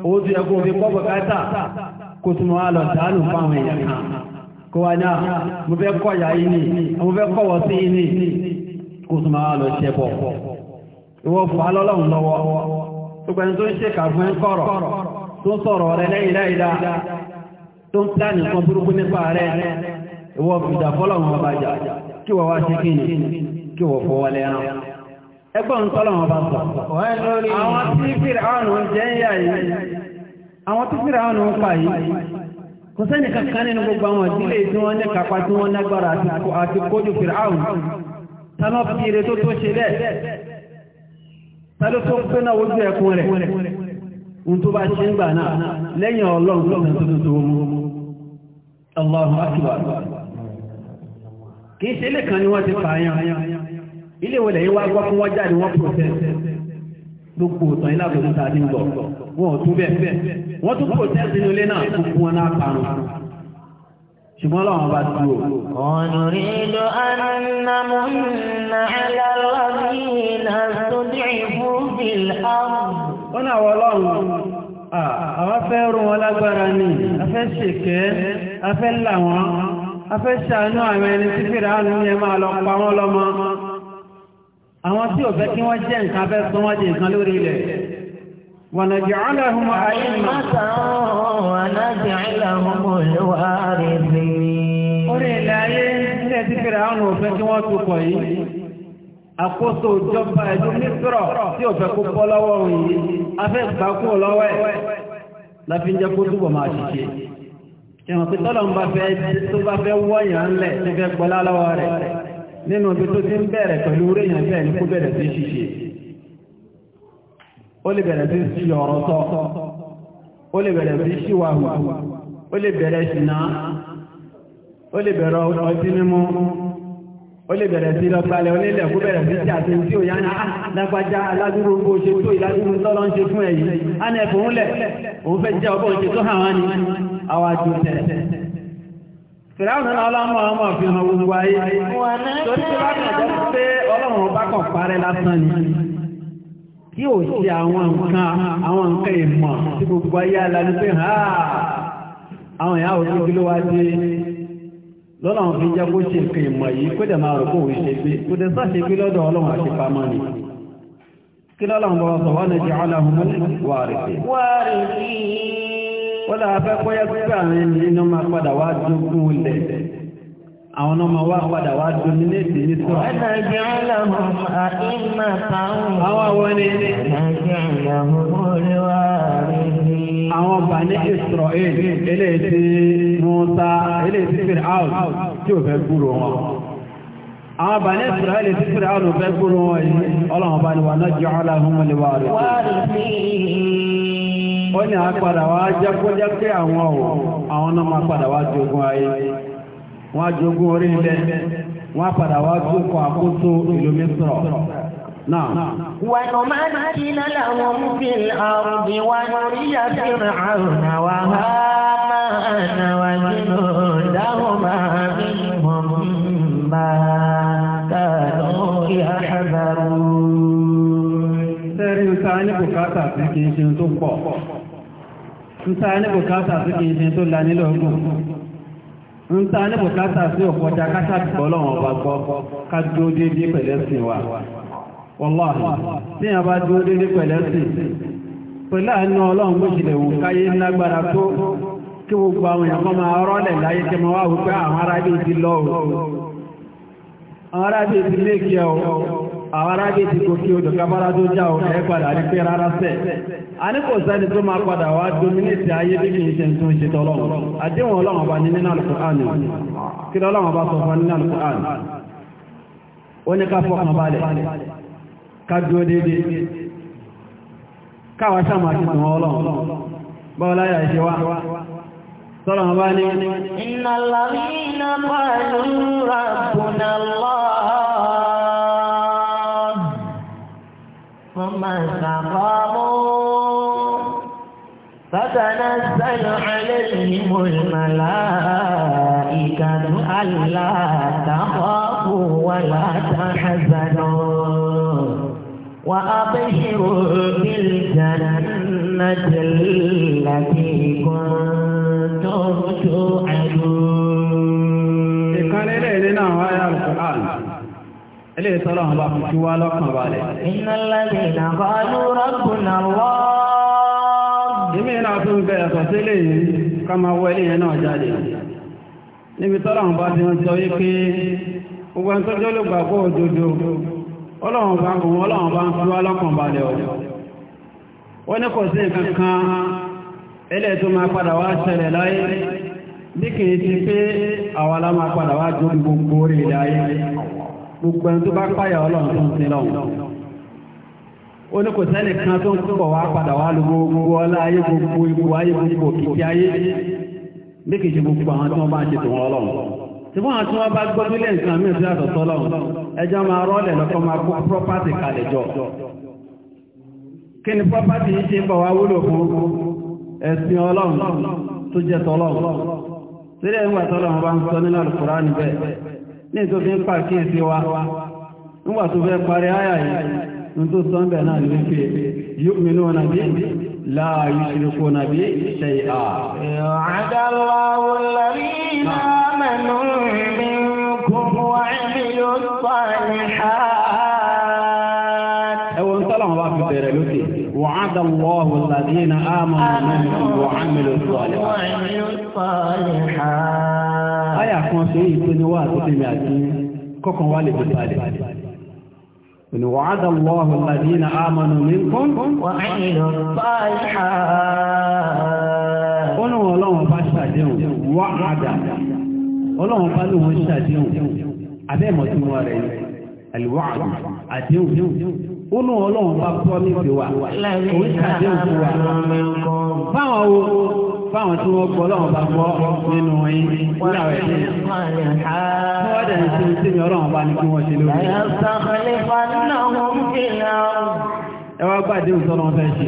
ó tún yẹ kó fi kọ́ bùkátà kó tún wá lọ dàánù fáwọn èèyàn kan kó wá ní mo fẹ́ kọ́ ìyá yìí ni mo fẹ́ kọ́wọ́ sí yìí ni kó tún wá lọ ṣẹ́ bọ̀ ìwọ fún alọ́lọ́run lọ́wọ́ gbogbo ẹni tó ń ṣe kàfún ẹ̀ kọ̀rọ̀ tó ń sọ̀rọ̀ rẹ lẹ́yìn láìda tó ń pílánì kan burúkú nípa rẹ ìwọ fìdá fọ́lọ́run ọba jà kí wọ́n wá ṣe kí ni kí wọ́n fọwọ́ lẹ́ran ẹgbọ́n tọ́lọ̀wọ́n bá sọ àwọn tí fìrà ọ̀nà jẹ́ ń yà yìí àwọn tí fìrà ọ̀nà ń pa yìí kò sẹ́ni kankan nínú gbogbo àwọn ìdílé tí wọ́n ní kápá tí wọ́n nágbára àti kójú fìrà ọ̀nà tánà fi tó tó ṣe bẹ́ẹ̀ táló tó pé náà wójú ẹkùn rẹ̀ ohun tó bá ṣe ń gbà náà lẹ́yìn ọlọ́run lọ́gbọ̀n tó tó tó mú Allahu akbar kì í ṣe ilé kan ni wọ́n ti pààyàn ilé ìwọlẹ̀ yìí gbọ́ fún wọ́n jáde wọ́n protest gbogbo òtàn ilé ní gbọ̀ wọn tún bẹ́ẹ̀ wọ́n tún protest nínú ilé náà gbogbo wọn náà parun ṣùgbọ́n lọ́wọ́n bá ti wò. ọ̀nùrìndò anamúnà alárọ̀bìnà sódìrìbù bìláàmù. ó náà wọ lọ́run àwọn afẹ́ rún wọn lágbára ni afẹ́ ṣèkẹ́ afẹ́ làwọn afẹ́ àwọn ẹni tí fèrè ánú ẹ máa lọ pa wọ́n lọ́mọ àwọn tí ò fẹ́ kí wọ́n jẹ́ nǹkan fẹ́ sọ wọ́n jẹ́ nǹkan lórí ilẹ̀ ونجعلهم أئمة ونجعلهم الوارثين orí ilẹ̀ ayé ilẹ̀ tí fèrè ò fẹ́ kí wọ́n tukọ̀ yìí àkóso ìjọba tí ò fẹ́ kó lọ́wọ́ yìí afẹ́ gbà kú lọ́wọ́ ẹ̀ kó túbọ̀ ìwọ̀n pé tọ́lọ̀ tó bá fẹ́ wọ́yàn lẹ̀ tí fẹ́ gbọ́lá lọ́wọ́ rẹ̀ nínú ibi tó ti ń bẹ̀rẹ̀ pẹ̀lú ríyàn bẹ́ẹ̀ ní kó bẹ̀rẹ̀ sí ṣíṣe ó lè bẹ̀rẹ̀ sí sí ọ̀rọ̀ sọ ó lè bẹ̀rẹ̀ sí ṣíwàhù ó lè bẹ̀rẹ̀ ṣìnà ó lè bẹ̀rẹ̀ ọtí mímú ó lè bẹ̀rẹ̀ sí lọ́gbàlẹ̀ ah, aládúró bó ṣe tó ìládúró tọ́lọ́ ń ṣe fún ẹ̀yìn á ní ẹ̀fọ́ lẹ̀ òun fẹ́ jẹ́ ọgbọ́n ṣe tó hàn wá ni àwájú tẹ̀. Fìdáwọn náà ọlọ́mọ ọmọ fi hàn gbogbo ayé. Torí pé bákan jẹ́ pé ọlọ́run bá kàn parẹ́ lásán ni. Kí ò ṣe àwọn nǹkan àwọn nǹkan ìmọ̀ tí gbogbo ayé alájú pé ha àwọn ìyá òtún kí ló wá dé lọ́nà òfin jẹ́ kó ṣe nǹkan ìmọ̀ yìí kó wọ́n afọ fẹ́ kọ́yẹ́ pípẹ́ àrin ní iná padà wá dógún ilẹ̀ àwọn ọmọ padà wá ní àwọn ni ní Israel eléèdè tí ò fẹ́ gbúrò wọn àwọn bà ní Israel tí Fir'aun fẹ́ ó ní a padà wá jákójá pé àwọn ọ̀wọ̀ àwọn náà máa padà wá jogun ayé wọ́n á jogun orí ilẹ̀ wọ́n á padà wá jókòó àkóso ìlú mísírọ̀ náà. wọ́n máa ń kí lọ́la wọn fi àrùn bí wọ́n rí àfihàn àrùn àwa ha máa nà wá nínú dáhùn máa bí wọ́n máa kàánú ìhàbàrún. sẹ́rí ta ní bùkátà sí kì í ṣe tó pọ̀. nta ní si sí kìí ṣe tó la nílò nta ńta ní bùkátà ọ̀pọ̀já káṣà gbọ́ ká wa wọláhì tí a bá dúró déédéé pẹ̀lẹ́sìn pẹ̀lú àánú ọlọ́run bó ṣe lè wù káyé lágbára tó kí gbogbo àwọn èèyàn kan rọ́lẹ̀ láyé kí wọ́n wá wípé àwọn ti lọ o àwọn aráyé ti kò kí odò kábára tó já o ẹ padà rí pé rárá sẹ́ a ní kò sẹ́ni tó máa padà wá dominate ayé bí kìí ṣe tó ń ṣe tọ́lọ́run àdéhùn ọlọ́run ọba ní nínú Al-Qur'an kí ọlọ́run ọba sọ fún nínú Al-Qur'an ó ní ká fọkàn balẹ̀ ká dúró déédéé káwa sáàmà ti sùn ọlọ́run báwo láyà ìṣe wá sọ́rọ̀ ọba ní. Innal ladhina qalu ثم استقاموا فتنزل عليهم الملائكة ألا تخافوا ولا تحزنوا وأبشروا بالجنة التي كنتم توعدون eléyìí tọ́lọ́ àwọn bá fi kí wá lọ́kàn balẹ̀. iná lẹ́bí iná kọlu rọ́bùnà lọ́. ìmí iná tó ń bẹ̀rẹ̀ sọ sí lè yìí ká máa wọ eléyìí náà jáde. níbi tọ́lọ́ àwọn bá ti ń sọ yí pé gbogbo ẹni tó jọ́lọ́ gbà kó òdodo ọlọ́run bá ń kún ọlọ́run bá ń fi wá lọ́kàn balẹ̀ ọ̀. wọ́n ní kò sí nǹkan kan eléyìí tó máa padà wá ṣẹlẹ̀ láyé bí kì í ti pé àwa la máa padà wá jó gbogbo orí ilẹ̀ ayé. gbogbo ẹni tó bá ọlọ́run tó ń sin lọ́wọ́ ó ní kò kan tó ń túbọ̀ wá padà wá lu gbogbo ọlá ayé gbogbo ayé gbogbo ayé bí kìí ṣe gbogbo àwọn tí wọ́n bá ń ṣe tòun ọlọ́run tí wọ́n àti wọ́n bá gbọ́ nílé nǹkan mí ìtura lọ́wọ́ ẹjọ́ máa lọ́kọ́ máa kó kalẹ̀ jọ kí ni yìí ní tó fi ń pàkíyèsí wa nígbà tó fẹ́ parí àyà yìí ní tó sọ ń bẹ̀ náà ní pé yóò mi náà nàbí لا يشركون به شيئا وعد الله الذين آمنوا منكم وعملوا الصالحات أول سلام الله في بيرلوتي وعد الله الذين آمنوا منكم وعملوا الصالحات وعملوا الصالحات àyà kan ṣe èyí tó ní wà tó tẹ̀lé àti kọ́kàn wà lè fi balẹ̀. Òní wà á dàwọ̀ ọ̀hún láti ní àmànù ní kún. Wà á yọ báyà. Ó ní wọn ọlọ́run bá ṣàdéhùn ní wọn ọlọ́run bá pọ́ wà. Báwọn fáwọn tí wọ́n gbọ́ lọ́wọ́ bá gbọ́ nínú yín ní àwẹ̀ tí wọ́n dẹ̀ ń ṣe tí mi ọlọ́wọ́ bá ní kí wọ́n ṣe lórí. ẹ wá gbàdé òtọ́ lọ́wọ́ fẹ́ ṣe.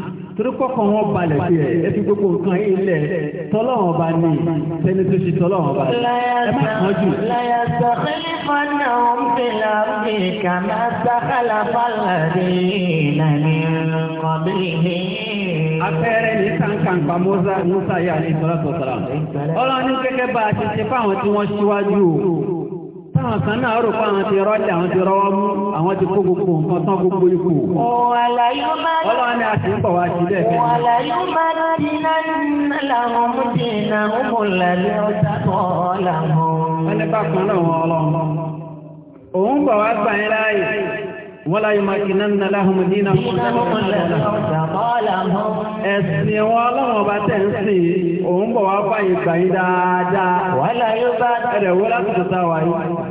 torí kọ́kọ́ wọn balẹ̀ sí ẹ̀ ẹ fi gbogbo nǹkan yìí lẹ̀ tọ́lọ́wọ́n bá ní tẹni tó ṣe tọ́lọ́wọ́n bá ẹ má kàn jù. láyà ní sànkà ńpa yà ní sọ́lá sọ̀tàrà ọlọ́run gẹ́gẹ́ bá a ṣe ṣe fáwọn tí wọ́n ṣíwájú o. Táwọn kan náà rò pé àwọn ti rọ́lẹ̀, àwọn ti rọwọ́ mú, àwọn ti kó gbogbo nǹkan tán gbogbo ipò. Ọlọ́run ni a ti ń bọ̀ wá sí bẹ́ẹ̀ fẹ́. Ọ̀làyún bá kan náà wọ́n ọlọ́run. Òun bọ̀ wá gbà yín láàyè. Wọ́n láyé máa kì náà láhùn mú dínà ẹ̀sìn wọn ọlọ́run ọba tẹ̀ ń sìn òun bọ̀ wá fàyè gbà dáadáa. Wọ́n láyé bá ẹ̀rẹ̀ wọ́n láti tó sáwà yìí.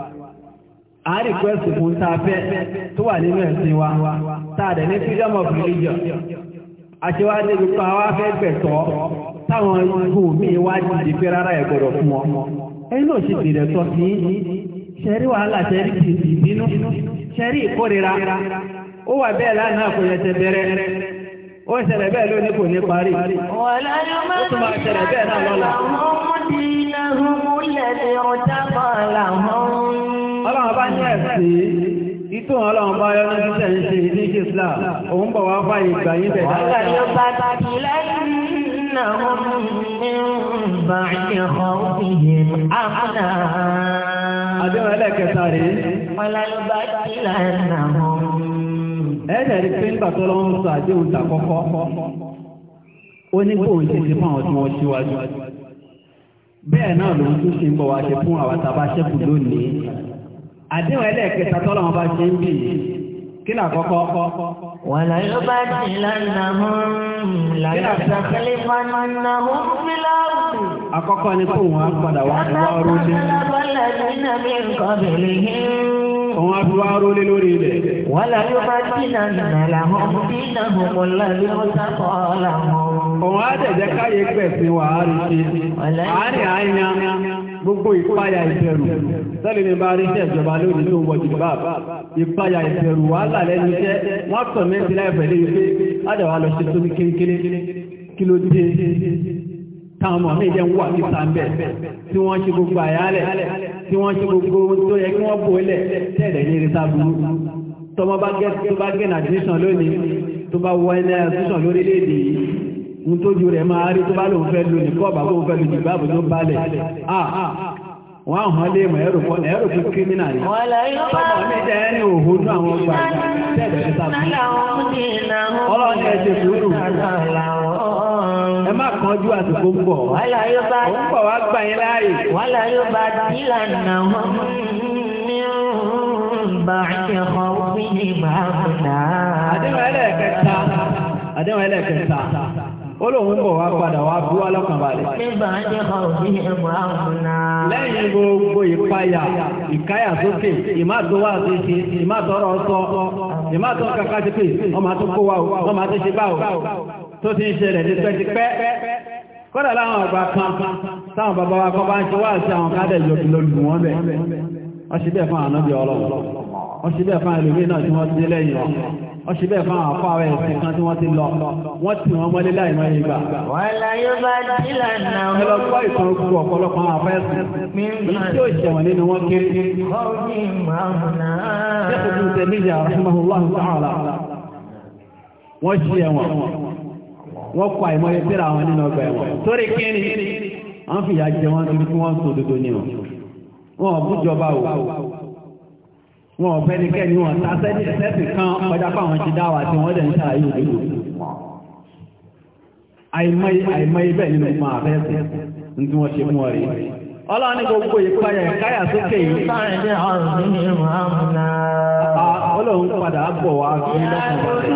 a request fún tafẹ́ tó wà nínú ẹ̀sìn wa tààdẹ̀ ní freedom of religion àṣewádé gbogbo àwọn afẹ́gbẹ̀tọ́ táwọn ikú mi wá jìdí pé rárá ẹ̀gbọ̀rọ̀ fún wọn ẹ̀yìn náà ṣe bèèrè tọ́ sí ṣẹ́rí wàhálà ṣẹ́rí ìbínú ṣẹ́rí ìkórira ó wà bẹ́ẹ̀ lánàá kò yẹ tẹ bẹ̀rẹ̀ ó ṣẹlẹ̀ bẹ́ẹ̀ lónìí kò ní parí ó tún máa ṣẹlẹ̀ bẹ́ẹ̀ náà lọ́la ọlọ́run bá yọ́ ní ṣe ṣe ní Islam òun bọ̀ wá fà ìgbà yí bẹ̀ dáadáa. Adéwọ̀n ẹlẹ́kẹta rèé. Ẹ̀ẹ́dẹ̀ rí pé nígbà tó lọ́wọ́ ń sọ àdéhùn tàkọ́kọ́. Ó ní kò ń ṣe ti fáwọn tí wọ́n ṣíwájú. Bẹ́ẹ̀ náà lòun àdéhùn ẹlẹ́ẹ̀kẹta tọ́lọ̀ wọn bá ṣe ń bì kí là kọ́kọ́ wàlá yóò bá ti lánàá hún làyà sàkálẹ̀ fánà ni kó wọn padà wá wá rólé òun á fi wá rólé lórí ilẹ̀ wàlá yóò bá ti lánàá làwọn fílà hún làyà sàkálẹ̀ làwọn. òun á dẹ̀ jẹ́ káyé pẹ̀ sí wàhálì ṣe àárín àárín gbogbo ìpáyà ìbẹ̀rù sẹ́lẹ̀ ní bá rí iṣẹ́ ìjọba lónìí tó ń wọ jùlọ báà ìpáyà ìbẹ̀rù wàhálà lẹ́nu iṣẹ́ wọ́n tọ̀ mẹ́sì láìpẹ́ lé wípé ádàwà lọ ṣe tóbi kérékéré kí ló dé táwọn ọmọ mi jẹ́ ń wà ní sàmbẹ̀ tí wọ́n ṣe gbogbo àyálẹ̀ tí wọ́n ṣe gbogbo tó yẹ kí wọ́n bò lẹ̀ tẹ́lẹ̀ ní ìrìsà burú tọmọ bá gẹ́ tó bá gẹ́ nàìjíríṣàn lónìí tó bá wọ ẹni ẹ̀ṣùṣàn lórílẹ̀ yìí ní tójú máa rí tó bá lóun fẹ́ lò ní kọ́ọ̀bà kó fẹ́ lò ní ìgbàbò tó balẹ̀ wọ́n á hàn lé mọ̀ ẹ̀rù fún ẹ̀rù fún kírímínà rí ọmọ mi jẹ́ ní òhun ní àwọn ọgbà tẹ́lẹ̀ sábà ọlọ́run ẹ̀ ṣe sùúrù ẹ má kánjú àsìkò ń bọ̀ ó ń bọ̀ wá gbà yín láàyè. wàhálà yóò bá dílà nà wọ́n ní bàtí ọ̀hún fún ìgbà fún náà. àdéhùn ẹlẹ́ẹ̀kẹta àdéhùn ẹlẹ́ẹ̀kẹta olóhun bọ̀ wá padà wá bú alákànbalẹ̀. lẹ́yìn gbogbo ìpayà ìkáyà sókè ìmátò wà sí ṣe ìmátò ọ̀rọ̀ sọ ìmátò kàkà sí pé ọmọ tó kó wa ọmọ tó ṣe báwo tó ti ń ṣẹlẹ̀ ní pẹ́tipẹ́ kọ́dà láwọn àgbà kan táwọn bàbá wa kọ́ bá ń ṣe wá sí àwọn kádẹ̀ yọ̀bí lólu wọn bẹ̀ wọ́n ṣe bẹ́ẹ̀ fún àwọn ọ̀nà bí ọlọ́run wọ́n ṣe bẹ́ẹ̀ fún àlùmí náà tí wọ́n ti lẹ́yìn ọ̀hún wọ́n ṣe bẹ́ẹ̀ fáwọn àfọ́ àwọn ẹ̀sìn kan tí wọ́n ti lọ wọ́n tì wọ́n mọ́lé láì máa yìí gbà. wàhálà yóò bá dìlà náà. ẹ lọ gbọ́ ìtàn ogun ọ̀pọ̀lọpọ̀ mi tí ó ṣẹ̀wọ̀n nínú wọn kéré. ọ̀gbìn ìmọ̀ràn náà. ṣé kò tún tẹ̀lé ìyá rahimahullah ta'ala. wọ́n wọn ọ̀fẹ́ ní kẹ́ni wọn ta sẹ́sì kan kọjá fáwọn ti dá wa tí wọ́n dẹ̀ ń ṣàlàyé òdodo. àìmọye àìmọye bẹ́ẹ̀ nínú fún àfẹ́sì ní tí wọ́n ṣe mú ọ rí. ọlọ́run ní gbogbo ìpayà ìkáyà sókè yìí. ọlọ́run padà bọ̀ wá sí lọ́kùnrin.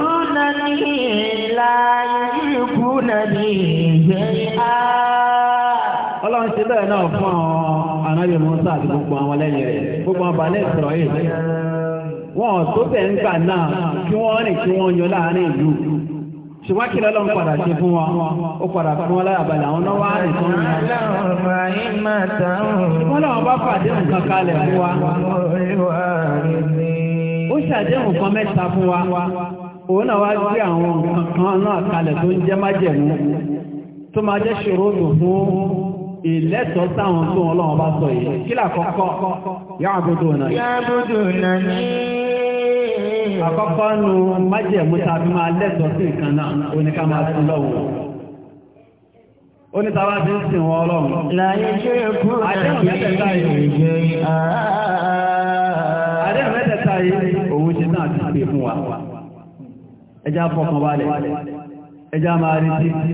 ọlọ́run ti bẹ́ẹ̀ náà fún ọ anábì musa àti gbogbo àwọn rẹ̀ gbogbo sọ̀rọ̀ yìí wọ́n tó ń gbà náà kí wọ́n rìn kí wọ́n yọ láàrin ìlú ṣùgbọ́n kí lọ́lọ́run padà ṣe fún wọn ó padà wọn àwọn náà wá rìn tó ń rìn. wọ́n bá pàdé nǹkan kalẹ̀ wa ó ṣàdéhùn mẹ́ta fún wa òun náà wá gbé àwọn nǹkan náà kalẹ̀ tó ń jẹ́ májẹ̀mú tó ìlẹ́tọ̀ táwọn tó wọn lọ́wọ́ bá sọ yìí kí làkọ́kọ́ yáàbùdó náà yáàbùdó náà ní àkọ́kọ́ nù májẹ̀mú tàbí máa lẹ́tọ̀ sí nǹkan náà oníká máa sí lọ́wọ́ onítàwà ti ń sìn wọn ọlọ́run láyé ṣe kú àdéhùn mẹ́tẹ̀ẹ̀ta yìí àdéhùn mẹ́tẹ̀ẹ̀ta yìí òun ṣe náà ti pè fún wa ẹjá fọkàn balẹ̀ ẹjá máa rí títí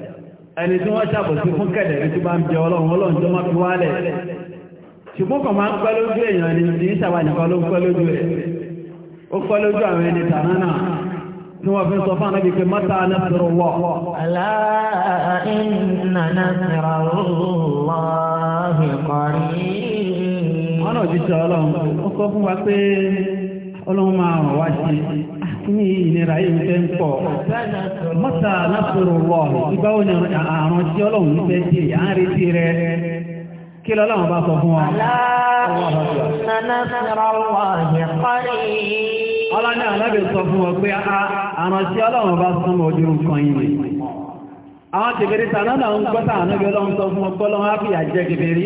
ẹni tí wọ́n ṣàbòsí fún kẹ̀lẹ̀ tí bá ń bí ọlọ́run ọlọ́run tó máa fi wálẹ̀ ṣùgbọ́n kan máa ń pẹ́ lójú èèyàn ni kì í nìkan ló ń pẹ́ lójú ẹ̀ ó pẹ́ lójú àwọn ẹni tàná náà tí wọ́n fi sọ fún àwọn ibi mọ́ta nasrullah. Ala inna nasrullahi wọ́n náà ti ọlọ́run ó kọ́ fún wa pé ọlọ́run máa ràn wá sí ah, ní ìnira ìfẹ́ ń pọ̀ mọ́ta lásòrò wọ̀ ìgbà wo ni àrùn tí ọlọ́run fẹ́ dé à ń retí rẹ kí lọ́lọ́run bá sọ fún wa. ọlọ́ni alábẹ̀ sọ fún wa pé ah, ah, àrùn tí ọlọ́run bá súnmọ́ ojú nǹkan yìí àwọn tèbèrè tànánà ń gbọ́ta ànábẹ́ ọlọ́run sọ fún ọpọlọ́run á fìyà jẹ kèbèrè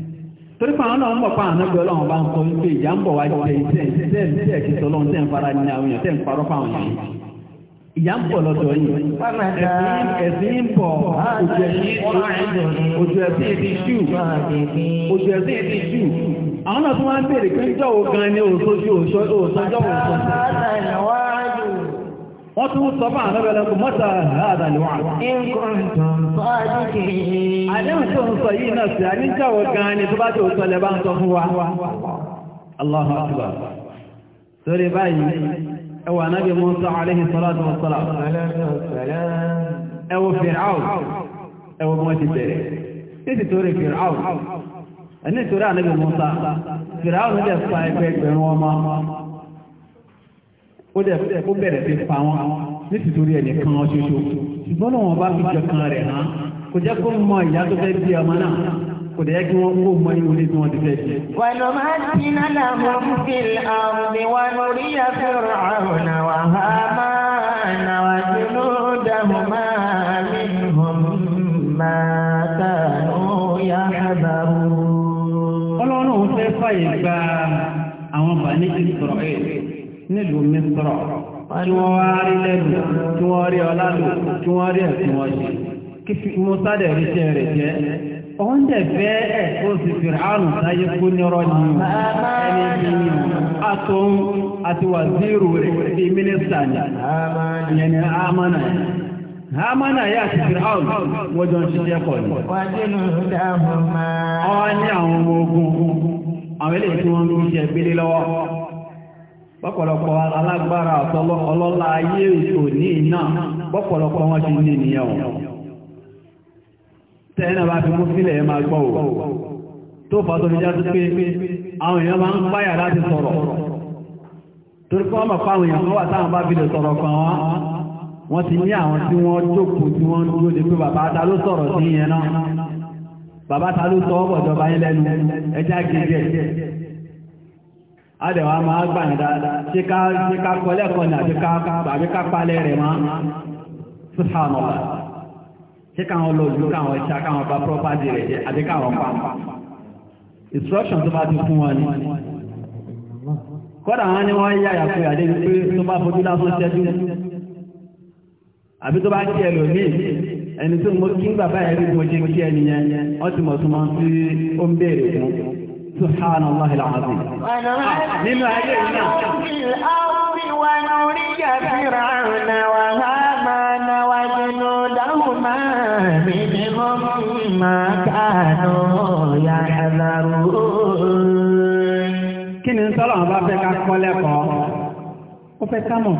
torí pa àwọn náà ń bọ̀ pa àná gbọ́ lọ́wọ́ bá ń sọ wípé ìyá ń bọ̀ wá jẹ iṣẹ́ iṣẹ́ iṣẹ́ ìṣẹ́ ọlọ́run tẹ́ ń fara ní àwọn èèyàn tẹ́ ń parọ́ pa àwọn èèyàn ìyá ń bọ̀ lọ́dọ̀ yìí ẹ̀sìn ń bọ̀ ojú ẹ̀sìn ti ṣù ojú ẹ̀sìn ti ṣù àwọn náà tún wá ń béèrè pé ń jọ́ ògan ni òṣojú òṣojú òṣojú òṣojú wọ́n tún sọ fún àwọn ọlọ́bẹ̀lẹ́kùn mọ́ta àdáàlùwà. ìkùntùn sọ́ọ́dìkì. àdéhùn tó ń sọ yìí náà sí àníjàwọ̀ gan-an ni tó bá tó sọ lẹ́bàá ń sọ fún wa. Allahu akbar. sórí báyìí ẹwà nábì Musa alayhi salatu wa salam. ẹwọ Fir'aun ẹwọ ó dẹ̀ kó bẹ̀rẹ̀ sí pa wọn ní tìtorí ẹ̀yẹ kan ṣoṣo ṣùgbọ́n náà wọn bá fi jọ kan rẹ̀ hàn kò jẹ́ kó mọ ìyá tó fẹ́ bí ọmọ náà kò dẹ̀ kí wọ́n kó mọ ìwé tí wọ́n ti fẹ́ ṣe. wàlú máa ń ti nálà mọ́ fi àwọn mi wá lórí àfẹ́rọ̀ àwọn àwọn àmà àwọn àdúró dàmú máa mi hàn máa tànú yá àbàrú. ọlọ́run fẹ́ fàyè gba àwọn bàánì ìsọ̀rọ̀ ẹ̀ nílùú mísírọ̀ wọ́n ni wọ́n wá rí lẹ́nu tí wọ́n rí ọlálù tí wọ́n rí ẹ̀sùn wọn ṣe kí fi musa dẹ̀ rí ṣe rẹ̀ jẹ́ òun dẹ̀ fẹ́ ẹ̀ ó sì fi ránù sáyé kú nírọ̀ ní ẹni yìí àtòun àti wàzírù ni amánà Hámánà yà ti Fìràún wọ́jọ́ ń ṣiṣẹ́ pọ̀ ní. Wàjínú dáhùn máa. Ọ ní àwọn ọmọ ogun, àwọn tí wọ́n ń fi gbélé lọ́wọ́ bọ́pọ̀lọpọ̀ alágbára ọ̀tọ́lọ́ ọlọ́lá ayé òtò ní iná bọ́pọ̀lọpọ̀ wọn ti ní ìníyàn wọn tẹ́ẹ̀nà bá fi mú sílẹ̀ ẹ máa gbọ́ ò tó fàtọ́ ní jásí pé àwọn èèyàn máa ń páyà láti sọ̀rọ̀ torí pé wọ́n mọ̀ fáwọn àdẹ̀wà máa gbà ní dáadáa ṣe ká kọlẹ́kọ̀ọ́ ní àbí ká palẹ̀ rẹ̀ máa sùhánàlá ṣe káwọn lọ ìlú káwọn ìṣà káwọn bá property rẹ̀ jẹ́ àbí káwọn pa instruction tó bá ti fún wọn ni kọ́dà wọn ni wọ́n yá àyàfẹ́ àdé pé tó bá fojú lásán ṣẹ́jú àbí tó bá kí ẹlòmíì ẹni tó mọ́ kí ń bàbá ẹ̀rí mo jẹ́ kí ẹni yẹn wọ́n ti mọ̀ tó mọ́ sí ó ń béèrè fún سبحان الله العظيم من في الأرض ونري فرعون وهامان وجنودهما منهم ما كانوا يحذرون kí ni sọ́lọ̀ ọba fẹ́ ká kọ́ lẹ́kọ̀ọ́ ó fẹ́ ká mọ̀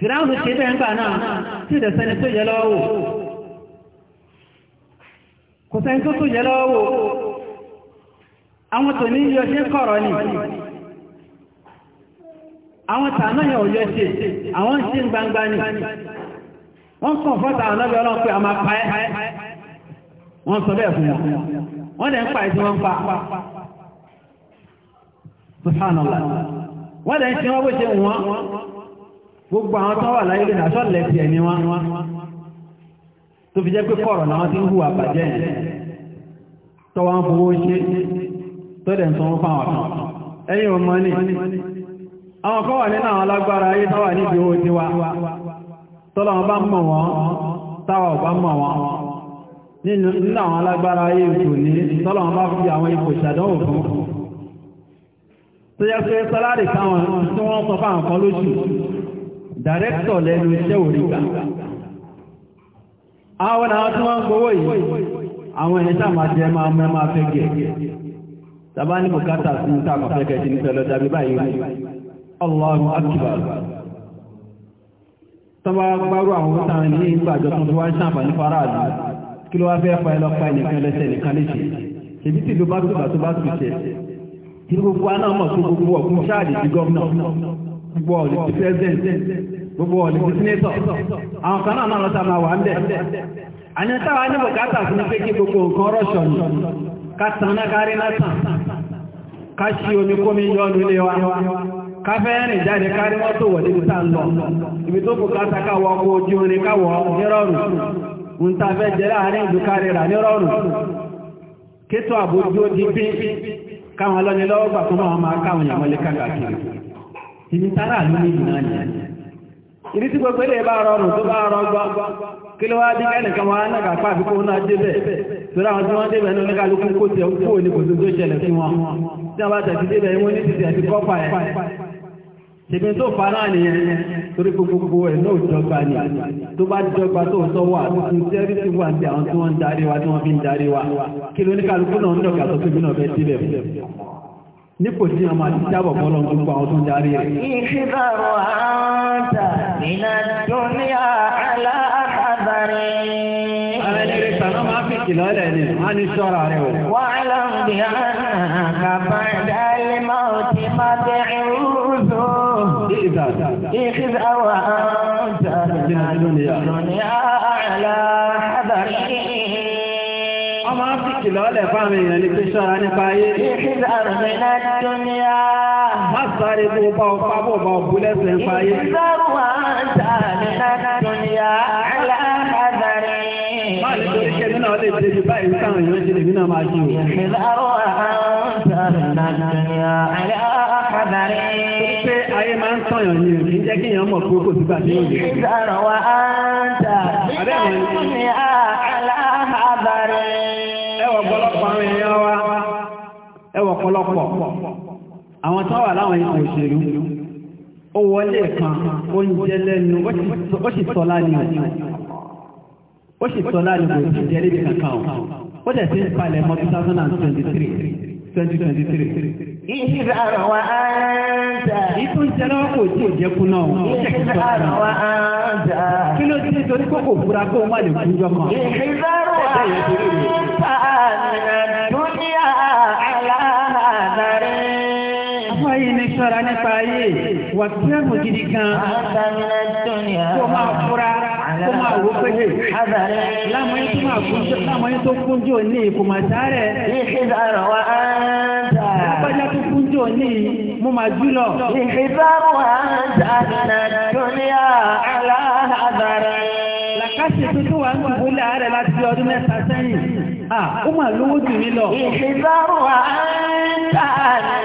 fìráhùn ṣe bẹ́ẹ̀ ń bà náà tí ìdẹ̀sẹ́ni tó yẹ lọ́wọ́ kò sẹ́ni tó tó yẹ lọ́wọ́ àwọn tò ní yọ ṣe kọ̀rọ̀ ni àwọn tààná yẹ ò yọ ṣe àwọn ṣe gbangba ni wọ́n kàn fọ́ta àwọn ọlọ́bẹ̀ a pa ẹ́ wọ́n sọ bẹ́ẹ̀ fún wọn wọn gbogbo àwọn tó wà láyé lè náà sọ́lẹ̀ tí ẹni wá tó fi jẹ́ pé kọ̀rọ̀ láwọn tí ń hùwà bàjẹ́ ẹ̀ tó wá ń fowó ṣe tó dẹ̀ ń sọ wọ́n fáwọn kan ẹ̀yìn ọmọ ní àwọn kan nínú àwọn alágbára ayé tó wà níbi owó tiwa tọ́lọ̀ wọn bá mọ̀ wọ́n táwa mọ̀ nínú àwọn alágbára ayé ètò ní wọn bá fi àwọn ipò ìṣàdánwò fún tó yẹ pé direktọ lẹ́nu iṣẹ́ òrìgbà àwọn àwọn tí wọ́n ń gbowó yìí àwọn ẹ̀yẹ́ sáà máa afe gị gbárù àwọn òtàrin ní ìgbàjọ tó wá ní kí ló wá fẹ́ lẹ́sẹ̀ nìkan léṣe èbí tí ló bá tó bá tó bá tó mọ̀ tó gbogbo gbogbo ọ̀lẹ̀ ti president gbogbo ọ̀lẹ̀ ti senator àwọn kan náà lọ́ta máa wà ń bẹ̀. àyàn ní bùkátà fún pé kí gbogbo nǹkan rọ̀ṣọ̀ ni ká tàn kárí náà ká ṣí omi kómi wa ká fẹ́ rìn jáde kárí mọ́tò wọ̀ níbi tá lọ ibi tó ọkọ̀ ojú ń ta fẹ́ jẹ́ láàrin ìlú kárí rà àbójú ó di pín káwọn ọlọ́ni lọ́wọ́ gbà ìyàmọ́lé káàkiri ìní sára ló ní ìná ni ìdí tí gbogbo ilé bá rọrùn tó bá rọgbọ kí ló wá dín kẹ́nìkan wọn náà na àbíkó náà débẹ̀ torí tí wọ́n débẹ̀ ní kó kò tó tó ṣẹlẹ̀ wọn tí wọ́n bá tẹ̀sí débẹ̀ ìwọ́n ní títì àti ẹ̀ tó fa náà nìyẹn torí sọ wà tuntun sẹ́rí wà ní àwọn tí wọ́n ń darí wa tí wọ́n fi ń darí wa kí nípò tí ọmọ àti jábọ̀ bọ́lọ̀ gbogbo àwọn tó ń darí rẹ̀. ìṣìbàrò àǹtà nínà dúnìá aláàbàrẹ̀. ara ẹni rẹ̀ sànà máa fi kìlọ̀ rẹ̀ ni wọ́n ní sọ́ra rẹ̀ o. wàhálà ń bí àkàbà dálé máa ti máa bẹ̀ ìrúzọ. ìṣìbàrò àǹtà nínà dúnìá aláàbàrẹ̀ kìlọ́ọ̀lẹ̀ fáwọn èèyàn ní pé ṣọ́ra nípa ayé. ìṣẹ́ àrùnmẹ́ná tó ní á. má sáré bó bá ọ fábọ̀ bá ọ bú lẹ́sẹ̀ ń fáyé. ìṣàrùn àrùnmẹ́ná tó ní á. aláàbàdàrí. má lè torí kẹ́mi náà lè débi á. ń ọ̀pọ̀lọpọ̀ àwọn tó wà láwọn ipò òṣèlú ó wọlé kan ó lẹ́nu ó sì tọ́lá ní ó sì tọ́lá ní kò sì jẹ́ lébi kankan ó dẹ̀ ti ń mọ́ 2023 2023 Ìṣirà wa kò tí ò jẹ́ kúná o. Ìṣirà wa áńdà ṣọ́ra nípa ayé wà tí ẹ̀mù gidi kan kó máa fura kó máa wó péye lámọ́yé tó kúnjú òní kò máa sáré lápájá tó kúnjú òní mo máa jùlọ. ìfipáwọ̀ àjàdínà dúnìá aláàbàrẹ̀. làkàṣì tuntun wà ń gbòlẹ̀ ààrẹ láti ọdún mẹ́ta sẹ́yìn. Ah, ó mà lówó jù mí lọ. Ìṣèbárò àǹtà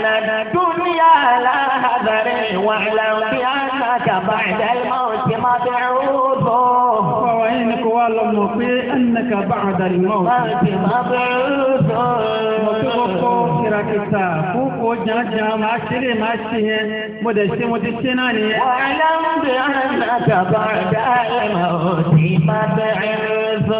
lànà dúnìyà aláhàbẹ̀rẹ̀ wà láwùjọ àǹtà bàjẹ́ mọ́ ti máa bẹ̀ rúbọ. Ọ̀rọ̀ yìí ni kò wá lọ mọ̀ pé ẹnìkà bá àdàrí mọ́ òkú. Ti máa bẹ̀ rúbọ. Mo tó kọ́kọ́ kìràkìtà fún kò jàǹjà máa ṣeré máa ṣe yẹn. Mo dẹ̀ ṣe mo ti ṣe náà nìyẹn. Wà láwùjọ àǹtà bàjẹ́ mọ́ ti máa bẹ̀ rúbọ.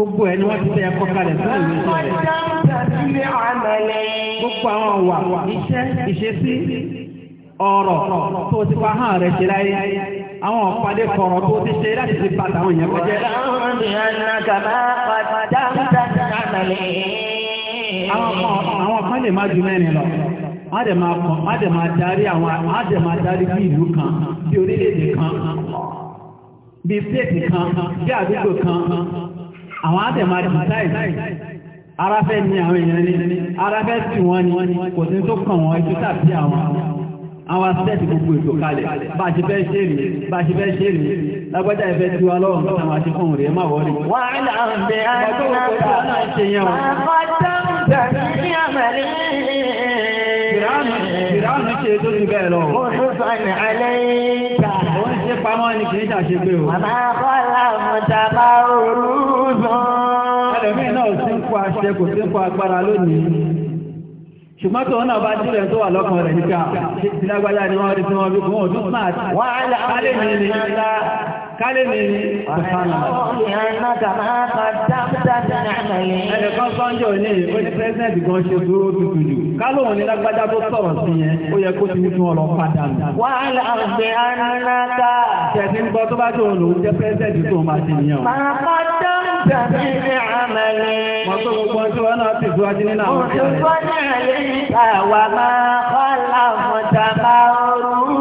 gbogbo ẹni wọ́n ti tẹ́ ẹ̀kọ́ kalẹ̀ sí ìlú gbogbo àwọn ìṣesí tó ti wá hàn ṣe láyé àwọn kọ̀rọ̀ tó ti ṣe láti lọ dẹ̀ darí àwọn dẹ̀ darí bí ìlú kan bí orílẹ̀ kan bí kan bí àdúgbò kan àwọn àtẹ̀ máa dì táì ara fẹ́ ní àwọn èèyàn ní ara fẹ́ tì wọ́n ní kò sí tó kàn wọ́n ètò tàbí àwọn àwọn asẹ́ẹ̀tì gbogbo ètò kalẹ̀ bá a fẹ́ ṣe rí bá a fẹ́ ṣe rí lágbájá ìfẹ́ tí wa lọ́wọ́ nǹkan àwọn àti fún rẹ̀ má wọlé. wà á là ń bẹ àná Ìránù ṣe tó ti bẹ́ẹ̀ lọ. Mo tún sọ ní alẹ́ yìí pamọ́ ní kìí ṣàṣe pé o. Màmá kọ́lá mọ̀ta bá òru sùn. Ẹlòmíì náà sí ń kó aṣẹ kò sí ń kó agbára lónìí. Ṣùgbọ́n tó náà bá jílẹ̀ tó wà lọ́kàn rẹ̀ nígbà tí lágbájá ni wọ́n rí tí wọ́n bí kún òdún smart. Wàhálà ọ̀la kálẹ̀ ní ẹnìkan sọ́njọ́ ní ó ní pẹ́sẹ̀ntì gan ṣe dúró tuntun jù kálòun ní lágbájá tó sọ̀rọ̀ sí yẹn ó yẹ kó ti ní kí wọ́n lọ padà nù. wàhálà ọ̀gbẹ̀ anáta. tẹ̀sí ń gbọ́ tó bá tó lòun jẹ́ pẹ́sẹ̀ntì tó máa ṣe nìyẹn. màmá tó ń tẹ̀sí ní àmàlẹ́. wọ́n ní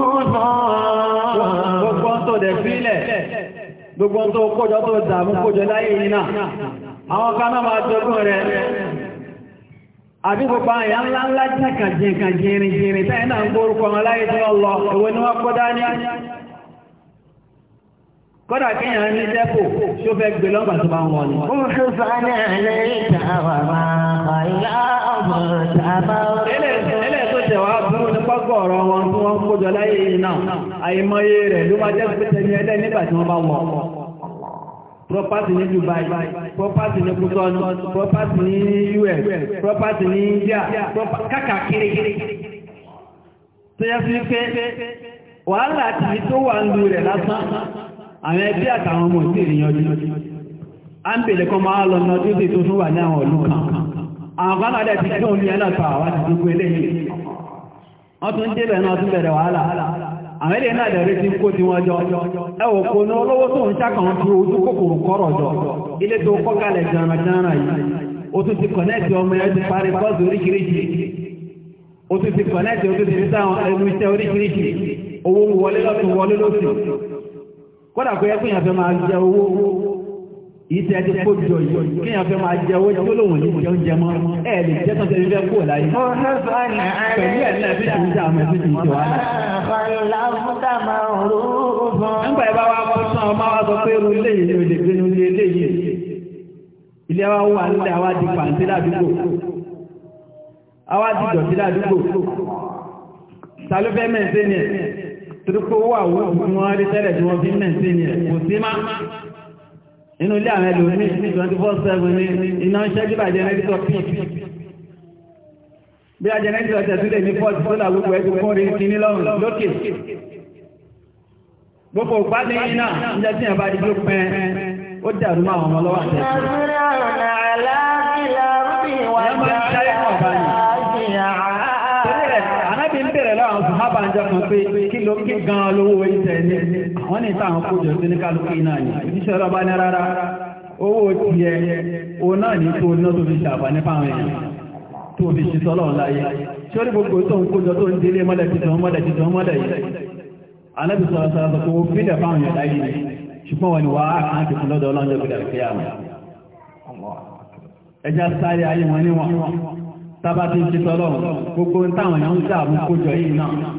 gbogbo tó kójọ tó dàmú kójọ láyé iná àwọn kan náà máa jọgbọ́n rẹ̀ àbí gbogbo àyà ńlá ńlá jẹ́ kàjìn kàjìn rìn jìnrìn tẹ́ náà ń gbórúkọ wọn láyé tí wọ́n ni wọ́n kó dání ni. ó fi fani àlẹ́ ìta wà máa wá fún onípákọ̀ ọ̀rọ̀ wọn tí wọ́n kójọ láyé náà àìmọye rẹ̀ ló máa jẹ́ pẹ́tẹ́ ní ẹlẹ́ nígbà tí wọ́n bá Dubai property ní property ní US property ní India kákàkiri pé wàhálà tó wà ń lu rẹ̀ a ń bèèrè kan máa lọ náà tó sì tó tún wà ní àwọn ọ̀lú kan àwọn kan náà wọ́n tún jẹ́ bẹ̀rẹ̀ náà bẹ̀rẹ̀ wàhálà àwọn èdè náà ti kó ti wọ́n jọ ẹwọ̀ kò ní olówó tó ń ṣàkàwọn ojú kòkòrò kọ́rọ̀ jọ ilé tó yìí ó tún ti kọ̀nẹ́ẹ̀tì ọmọ ti parí kọ́ọ̀sì oríṣiríṣi ó tún ti kọ̀nẹ́ẹ̀tì ó tún ti ẹnu iṣẹ́ oríṣiríṣi owó wọlé lọ́tún wọlé kódà kó yẹ kó máa ìtẹ́ ẹjọ́ kó jọ yìí kíyàn fẹ́ máa jẹ owó tí ó lòun ní jẹun jẹ mọ́ ẹ lè jẹ́ tẹ́lẹ̀ fẹ́ kú ọ̀la yìí. pẹ̀lú ẹ̀ náà fi ti ń jà àmọ́ ẹ̀fí ti ń jọ wà nílẹ̀ àwa di ẹ̀ torí pé owó àwọn rí tẹ́lẹ̀ tí wọ́n fi mẹ́ǹtẹ́ni ẹ̀ kò sí má inú ilé àwọn ẹlòmí ní 24/7 ní iná ṣẹ́jú bá jẹ́nẹ́tọ̀ bí a jẹ́nẹ́tọ̀ tẹ̀sílẹ̀ ní fọ́ọ̀tí tó làgbogbo ẹ̀kù fún orí kí ní lọ́rùn lókè gbogbo pàdé iná ìjẹ́ tí ẹ̀bá ìjó pẹ́ ó dàrú máa wọn lọ́wọ́ àtẹ́sí ń jẹ́ kan pé kí ló kí gan lówó ìtẹ̀ ní àwọn ní ìtàwọn kójọ sí ní kálukú iná ni ìṣẹ́ ọ̀rọ̀ bá ní rárá owó tiẹ̀ o náà ní tó náà tó fi ṣàbà nípa àwọn èèyàn tó fi ṣe sọ́lọ̀ láyé ṣórí gbogbo tó ń kójọ tó ń délé mọ́lẹ̀ títàn mọ́lẹ̀ títàn mọ́lẹ̀ yìí anábì sọ̀rọ̀ sọ̀rọ̀ tó fídẹ̀ fáwọn èèyàn láyé ṣùgbọ́n wọn ni wàá kàn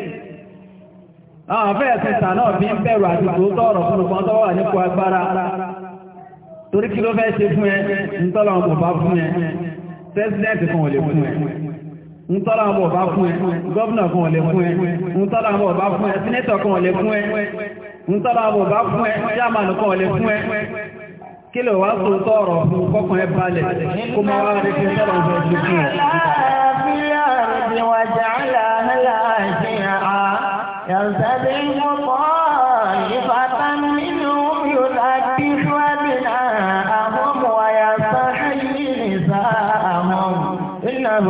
àwọn afẹ́ ẹ̀sìn ìta náà bí ń bẹ̀rù àdìgbò tọ́rọ̀ fún ọgbọ́n tó wà nípò agbára torí kí ló fẹ́ ṣe fún ẹ ń tọ́lọ̀ ọmọ bá fún ẹ pẹ́sidẹ́ntì kan ò lè fún ẹ ń tọ́lọ̀ ọmọ bá fún ẹ gọ́vnà kan ò lè fún ẹ ń tọ́lọ̀ ọmọ bá fún ẹ sínétọ̀ kan ò lè fún ẹ ń ọmọ bá fún ẹ jámánù kan lè fún ẹ kí ló wá tó tọ́rọ̀ fún kọ́kàn ẹ balẹ̀ kó máa wá rí fún tọ́lọ̀ يستبع طائفة منهم يذبح أبناءهم ويستحيي نساءهم إنه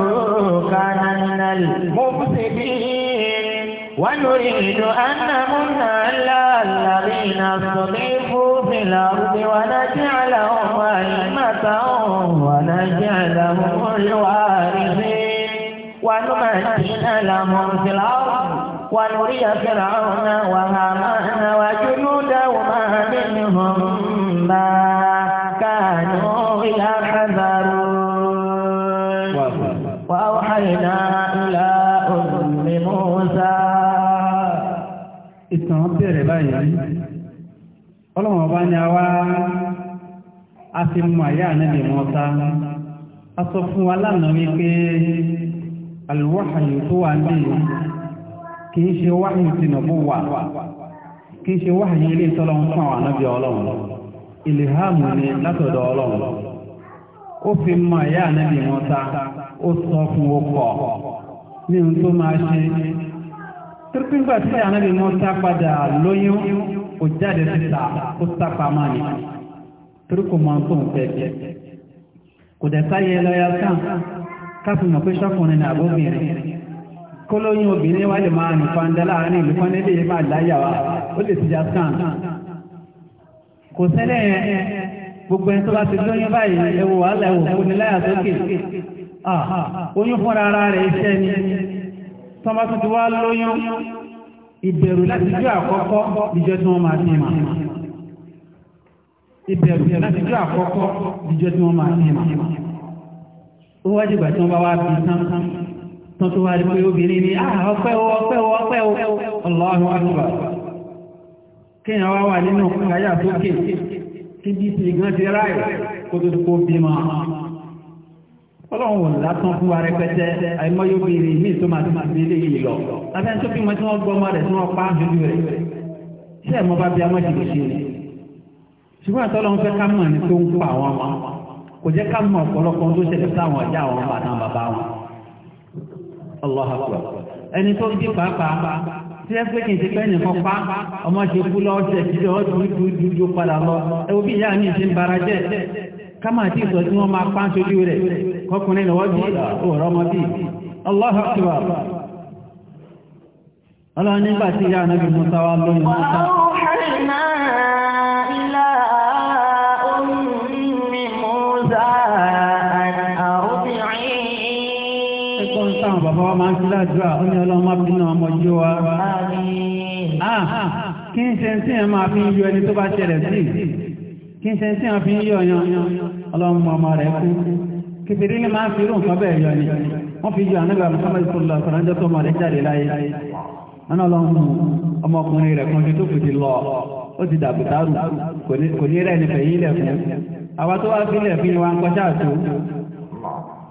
كان من المفسدين ونريد أن نمن على الذين استضيفوا في الأرض ونجعلهم أئمة ونجعلهم الوارثين ونمكن لهم في الأرض ونري فرعون وهامان وجنودهما منهم ما كانوا يحذرون وأوحينا إلى أم موسى ìtàn bẹ̀rẹ̀ báyìí ọlọ́wọ́n bá ní àwa a fi mọ àyà níbi mọ́ta a sọ fún wa lánàá wípé alùwàhàyè tó wà Ka ṣe wáyé tìnàbó wà kìí ṣe wáyé ilé tọ́lọ́run fún àwọn ànábì ọlọ́run ìlèhámù ni látọ̀dọ̀ ọlọ́run ó fi mọ ẹ̀yà ànábì wọn ta ó sọ fún ọkọ̀ ní ohun tó máa ṣe tírpíngbà tí ànábì wọn ta padà lóyún kò jáde síta ó sápa máa ní tírkù máa kólóyún obìnrin wá lè máa nìfàndà láàrin ìlú kan nílé máa láyà wa ó lè ti já sàn kò sẹ́lẹ̀ yẹn gbogbo ẹni tó bá ti lóyún báyìí ẹwọ wàhálà ẹwọ kò ní láyà sókè oyún fúnra ara rẹ̀ iṣẹ́ ni tọ́mọ tó ti wá lóyún ìbẹ̀rù láti jọ àkọ́kọ́ ìjọ tí wọ́n máa ti mà ìbẹ̀rù láti jọ àkọ́kọ́ ìjọ tí wọ́n máa ti mà ó wájú ìgbà tí wọ́n bá wá bí sáńsáń tó tó wá rí pé obìnrin ni ah, ọpẹ́ o ọpẹ́ o ọpẹ́ o Allahu Akbar kíyàn wá wà nínú káyà sókè kí bí ti gan ti ráì kó tó kó bí ma ọlọ́run látán fún wa rẹpẹtẹ àìmọ́yó bèèrè ní ìtọ́ màá ti máa gbé léyìí lọ lábẹ́ tó bí wọn tí wọ́n gbọ́ ọmọ rẹ̀ tí wọ́n pa ájú rẹ̀ sí ẹ̀mọ́ bá bí amọ́jìlì ṣe rẹ̀ ṣùgbọ́n àtọ́lọ́run fẹ́ ká mọ̀ ní tó ń pa àwọn ọmọ kò jẹ́ ká mọ̀ ọ̀pọ̀lọpọ̀ tó ṣẹlẹ̀ sáwọn ọjà àwọn bàtà bàbá wọn ọlọ́hàpọ̀ ẹni tó bí pàápàá tí ẹ pé kì ṣe pẹ́ nìkan pa ọmọ ṣe kú lọ́wọ́ ṣe ti jọ dúdú padà lọ ẹwọ́ bí ìyá mi ṣe ń bara jẹ́ kámà tí ìsọ̀ tí wọ́n máa pa ń ṣojú rẹ̀ kọkùnrin ọmọ bí nígbà Musa wá Musa bàbá wa máa ń sílá àdúrà ó ní ọlọ́run má bínú ọmọ yìí wa. Ah, ah, kí n ṣe ń sìn ẹ́ máa fi yọ ẹni tó bá ṣẹlẹ̀ sí kí n ṣe ń sìn ẹ́ fi yọ yan ọlọ́run ọmọ rẹ̀ kú kìtìrí ni máa ń fi irú nǹkan bẹ́ẹ̀ yọ ni wọ́n fi yọ ànágbà Muhammad sọlá sọ̀rọ̀jọ́ tó máa rẹ̀ jáde láyé ọ̀nà ọlọ́run ọmọkùnrin rẹ̀ kan tó fìdí lọ ó ti dàbùtà rù kò ní rẹ̀ nífẹ̀ẹ́ yín lẹ̀ fún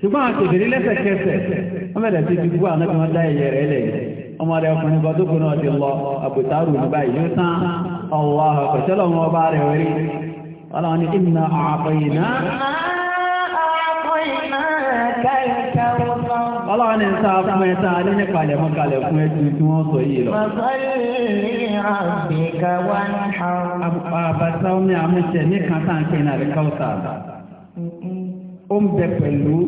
ṣùgbọ́n àtẹ̀bẹ̀rẹ̀ lẹ́sẹ̀kẹsẹ̀ ọmọdé ti ti gbọ́ ànábi wọn dá ẹyẹ lẹ̀ ọmọ rẹ ọkùnrin kan tó kù náà ti lọ àbùtárù ní báyìí tán ọwọ́ ọ̀kọ̀ṣẹ́lọ̀ wọn bá rẹ̀ rí ọlọ́run ní ìnà àpẹyìnà ọlọ́run ní sáà fún ẹta alẹ́ nípa fún ẹtù tí wọ́n sọ yìí lọ. àbàtà omi ó ń bẹ pẹ̀lú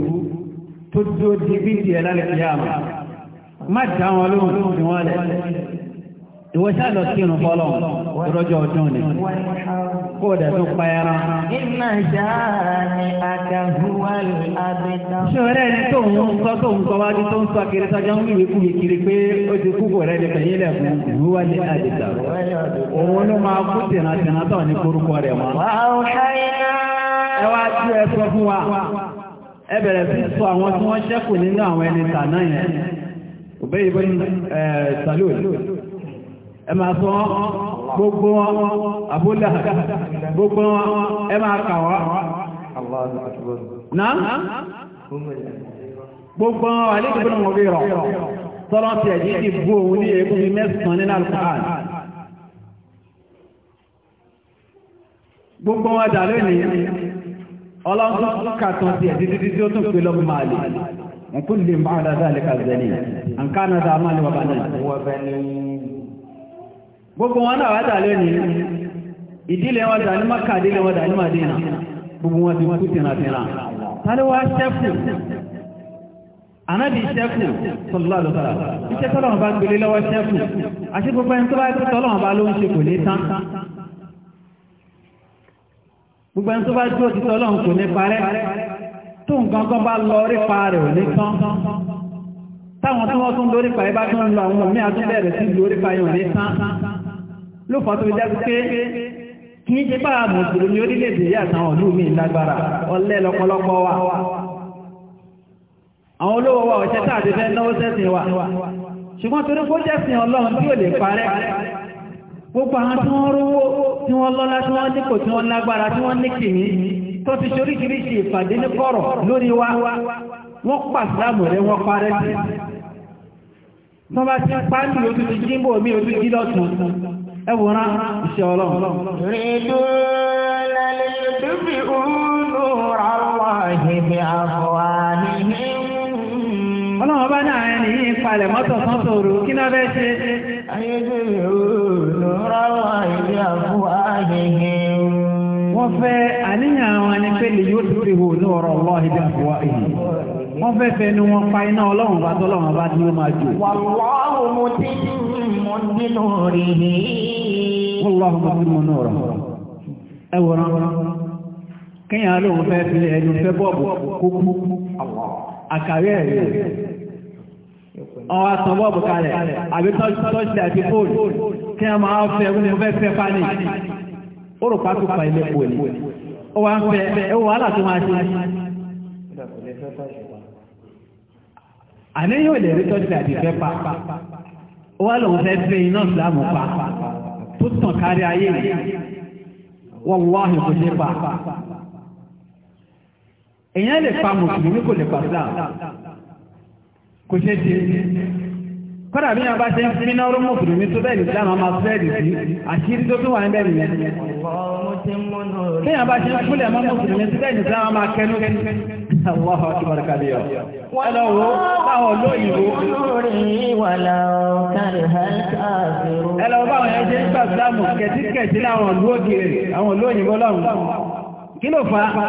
tó dó di bí ti ẹ̀ lálẹ́ ìyá àmà má dá wọn lóhùn sí wọn lẹ̀ ìwọ ṣáà lọ sí irun fọlọ ìrọjọ ọdún ni kó o dẹ̀ tó pa ẹran. iná ṣáàní àdàhùwàlù àbẹ̀tà. ṣọ̀rẹ́ ẹni tó ń sọ tó ń sọ wájú tó ń sọ kiri sọjọ́ ń wíwí kúbi kiri pé ó ti kú kò rẹ̀ ní fẹ̀yìn lẹ́kùn ìhùwàlù àbẹ̀tà. òun ló máa kú tìǹà ẹ wá tí ẹ sọ fún wa ẹ bẹ̀rẹ̀ sí sọ àwọn tí wọ́n ṣẹ́kù nínú àwọn ẹni tàná yẹn òbẹ́ ìbọn ṣàlù ẹ máa sọ gbogbo wọn abúlé gbogbo wọn ẹ máa kà wọ́n. náà gbogbo wọn wà ní ìdìbò náà wọ́n bí rọ̀ sọ́lọ́ ti ẹ̀jí ti bú òun ní egun mẹ́sàn-án nínú alukur'an. gbogbo wọn dà lónìí ọlọ́run kàtàn sí ẹ̀dí títí tí ó tún pè lọ́gbọ̀n máa lè wọn kún lè máa dáadáa àlẹ́kà zẹ́ni àǹká náà dáa máa lè wà bàánà gbogbo wọn náà wátà lónìí ìdílé wọn dà ní maka ìdílé wọn dà ní madina gbogbo wọn ti wọn kú tìrantìran tálẹ́ wá sẹ́kù anábì sẹ́kù sallallahu alaihi wasallam iṣẹ́ tọ́lọ́wọ́n bá gbélé lọ́wọ́ sẹ́kù àti gbogbo ẹni tó bá yẹ ló ń ṣe kò ní tán gbogbo ẹni tó bá dúró títọ́ ọlọ́run kò ní parẹ́ tó nǹkan kan bá lọ rí pa rẹ̀ ò ní tán táwọn tí wọ́n tún lórí pa ibá tún lọ àwọn òmí àtúnbẹ̀rẹ̀ sí lórí pa yàn ní tán ló fọ́ tó jẹ́ pé kí ń ṣe bá mùsùlùmí orílẹ̀-èdè yà táwọn ìlú mi lágbára ọlẹ́ lọ́pọ̀lọpọ̀ wa àwọn olówó wa ọ̀ṣẹ́ tààdé fẹ́ náwó sẹ́sìn wa ṣùgbọ́n torí kó jẹ́sìn ọlọ́run tí ò lè parẹ́ gbogbo àwọn tí wọ́n rówó tí wọ́n lọ́lá tí wọ́n nípò tí wọ́n lágbára tí wọ́n ní kìíní tó ti ṣoríṣiríṣi ìpàdé ní kọ̀rọ̀ lórí wa wọ́n wọ́n parẹ́ sí wọ́n bá ti pàṣí ojú ti jímbò mi ojú jí lọ́tún ẹwùrán iṣẹ́ ọlọ́run ọlọ́wọ́ bá náà ẹni yìí palẹ̀ mọ́tò sọ́tòrò kí náà bẹ́ ṣe ayédèrè olùràwọ̀ ilé àfúwà ayẹyẹ wọ́n fẹ́ àníyàn àwọn ẹni pé lè yóò dúró ihò ní ọ̀rọ̀ ọlọ́ọ̀ ilé àfúwà èyí wọ́n fẹ́ fẹ́ ni wọ́n pa iná ọlọ́run bá tọ́lọ́run bá ní ó máa jò wàlúwàhùn mo ti mọ̀ mo nínú ọ̀rọ̀ ẹwọ̀ràn kíyàn lóun fẹ́ fi ẹnu fẹ́ bọ́ọ̀bù kókó àkàrí ẹ̀rí kalẹ̀ àbí àti fóòlù kí a máa fẹ́ ẹgbẹ́ fẹ́ fẹ́ fáni ó rò pàtó pa ilé pò ó wá ń fẹ́ wàhálà tó máa ṣe àní yóò lè rí àti fẹ́ pa ó wá lòun fẹ́ fẹ́ iná pa tó tàn kárí ayé wọ́n ṣe pa èyàn lè pa mùsùlùmí kò lè pa islam kò ṣe ṣe kọ́dà bí wọ́n bá ṣe ń fi iná ọrún mùsùlùmí tó bẹ́ẹ̀ islam máa fẹ́ẹ̀dì sí àṣírí tó tún wà ń bẹ̀rẹ̀ yẹn kéèyàn bá ṣe ń fúnlẹ̀ mọ́ mùsùlùmí tó bẹ́ẹ̀ islam máa kẹnu kẹnu Allahu akbar kabiyo ẹlọ́wọ́ báwọn olóyìnbó ẹlọ́wọ́ báwọn yẹn ṣe ń gbà islam kẹtíkẹtí láwọn olóyìnbó lọ́wọ́ kí ló fà á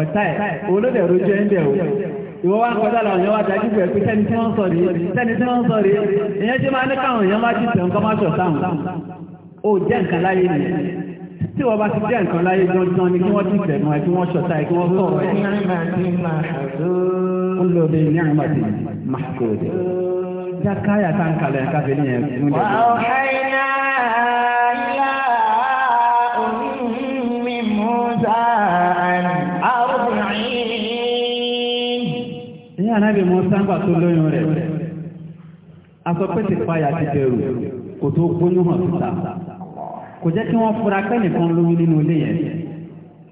ọ̀tá ẹ̀ olóòdẹ̀ rojú ẹ̀ńdẹ̀ o ìwọ wá kọjá lọ ìyẹn wá dájú tẹ́ni tí wọ́n sọ rí tẹ́ni tí wọ́n sọ rí ìyẹn tí máa ní káwọn èèyàn má ti tẹ̀wọ́n kọ́ má sọ ó jẹ́ nǹkan láyé nìyẹn tí wọ́n bá ti jẹ́ nǹkan láyé gbọ́ngàn ni kí wọ́n ti tẹ̀nu ẹ̀ kí wọ́n ṣọ̀tá ẹ̀ wọ́n sọ̀rọ̀ ẹ̀. olóòdì ní àmàdì mahkood jákáyà tá ń kalẹ̀ anábì Mùsá ńgbà tó lóyún rẹ̀ asọ́pẹ́ ti payà ti bẹ̀rù kò tó gbóyún hàn síta kò jẹ́ kí wọ́n fura pé nìkan lóyún nínú ilé yẹn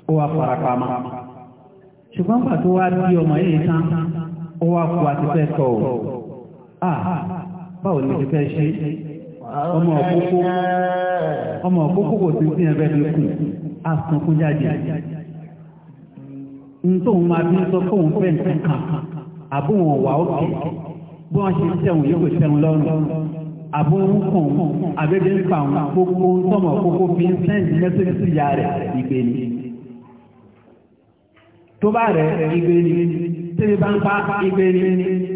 ó wá farapamọ́ ṣùgbọ́n gbà tó wá bí ọmọ yìí tán ó wá kú àti fẹ́ tọ̀ ọ́ báwo ni mo ti fẹ́ ṣe ọmọ òkókó ọmọ òkókó kò sí sí ẹgbẹ́ tó kù á sunkún jáde n máa bí sọ fóun fẹ́ nǹkan àbú wọn wà òkè bí wọ́n ṣe tẹ̀wọ̀n yóò tẹ̀wọ̀n lọ́rùn àbú ń kùn àbẹ́bẹ́ ń pa àwọn kókó tọmọ kókó fi ń sẹ́ǹdì mẹ́sẹ̀lì sí ìyá rẹ̀ ìgbé ni tó bá rẹ̀ ìgbé ni tẹ́lẹ̀ bá ń pa ìgbé ni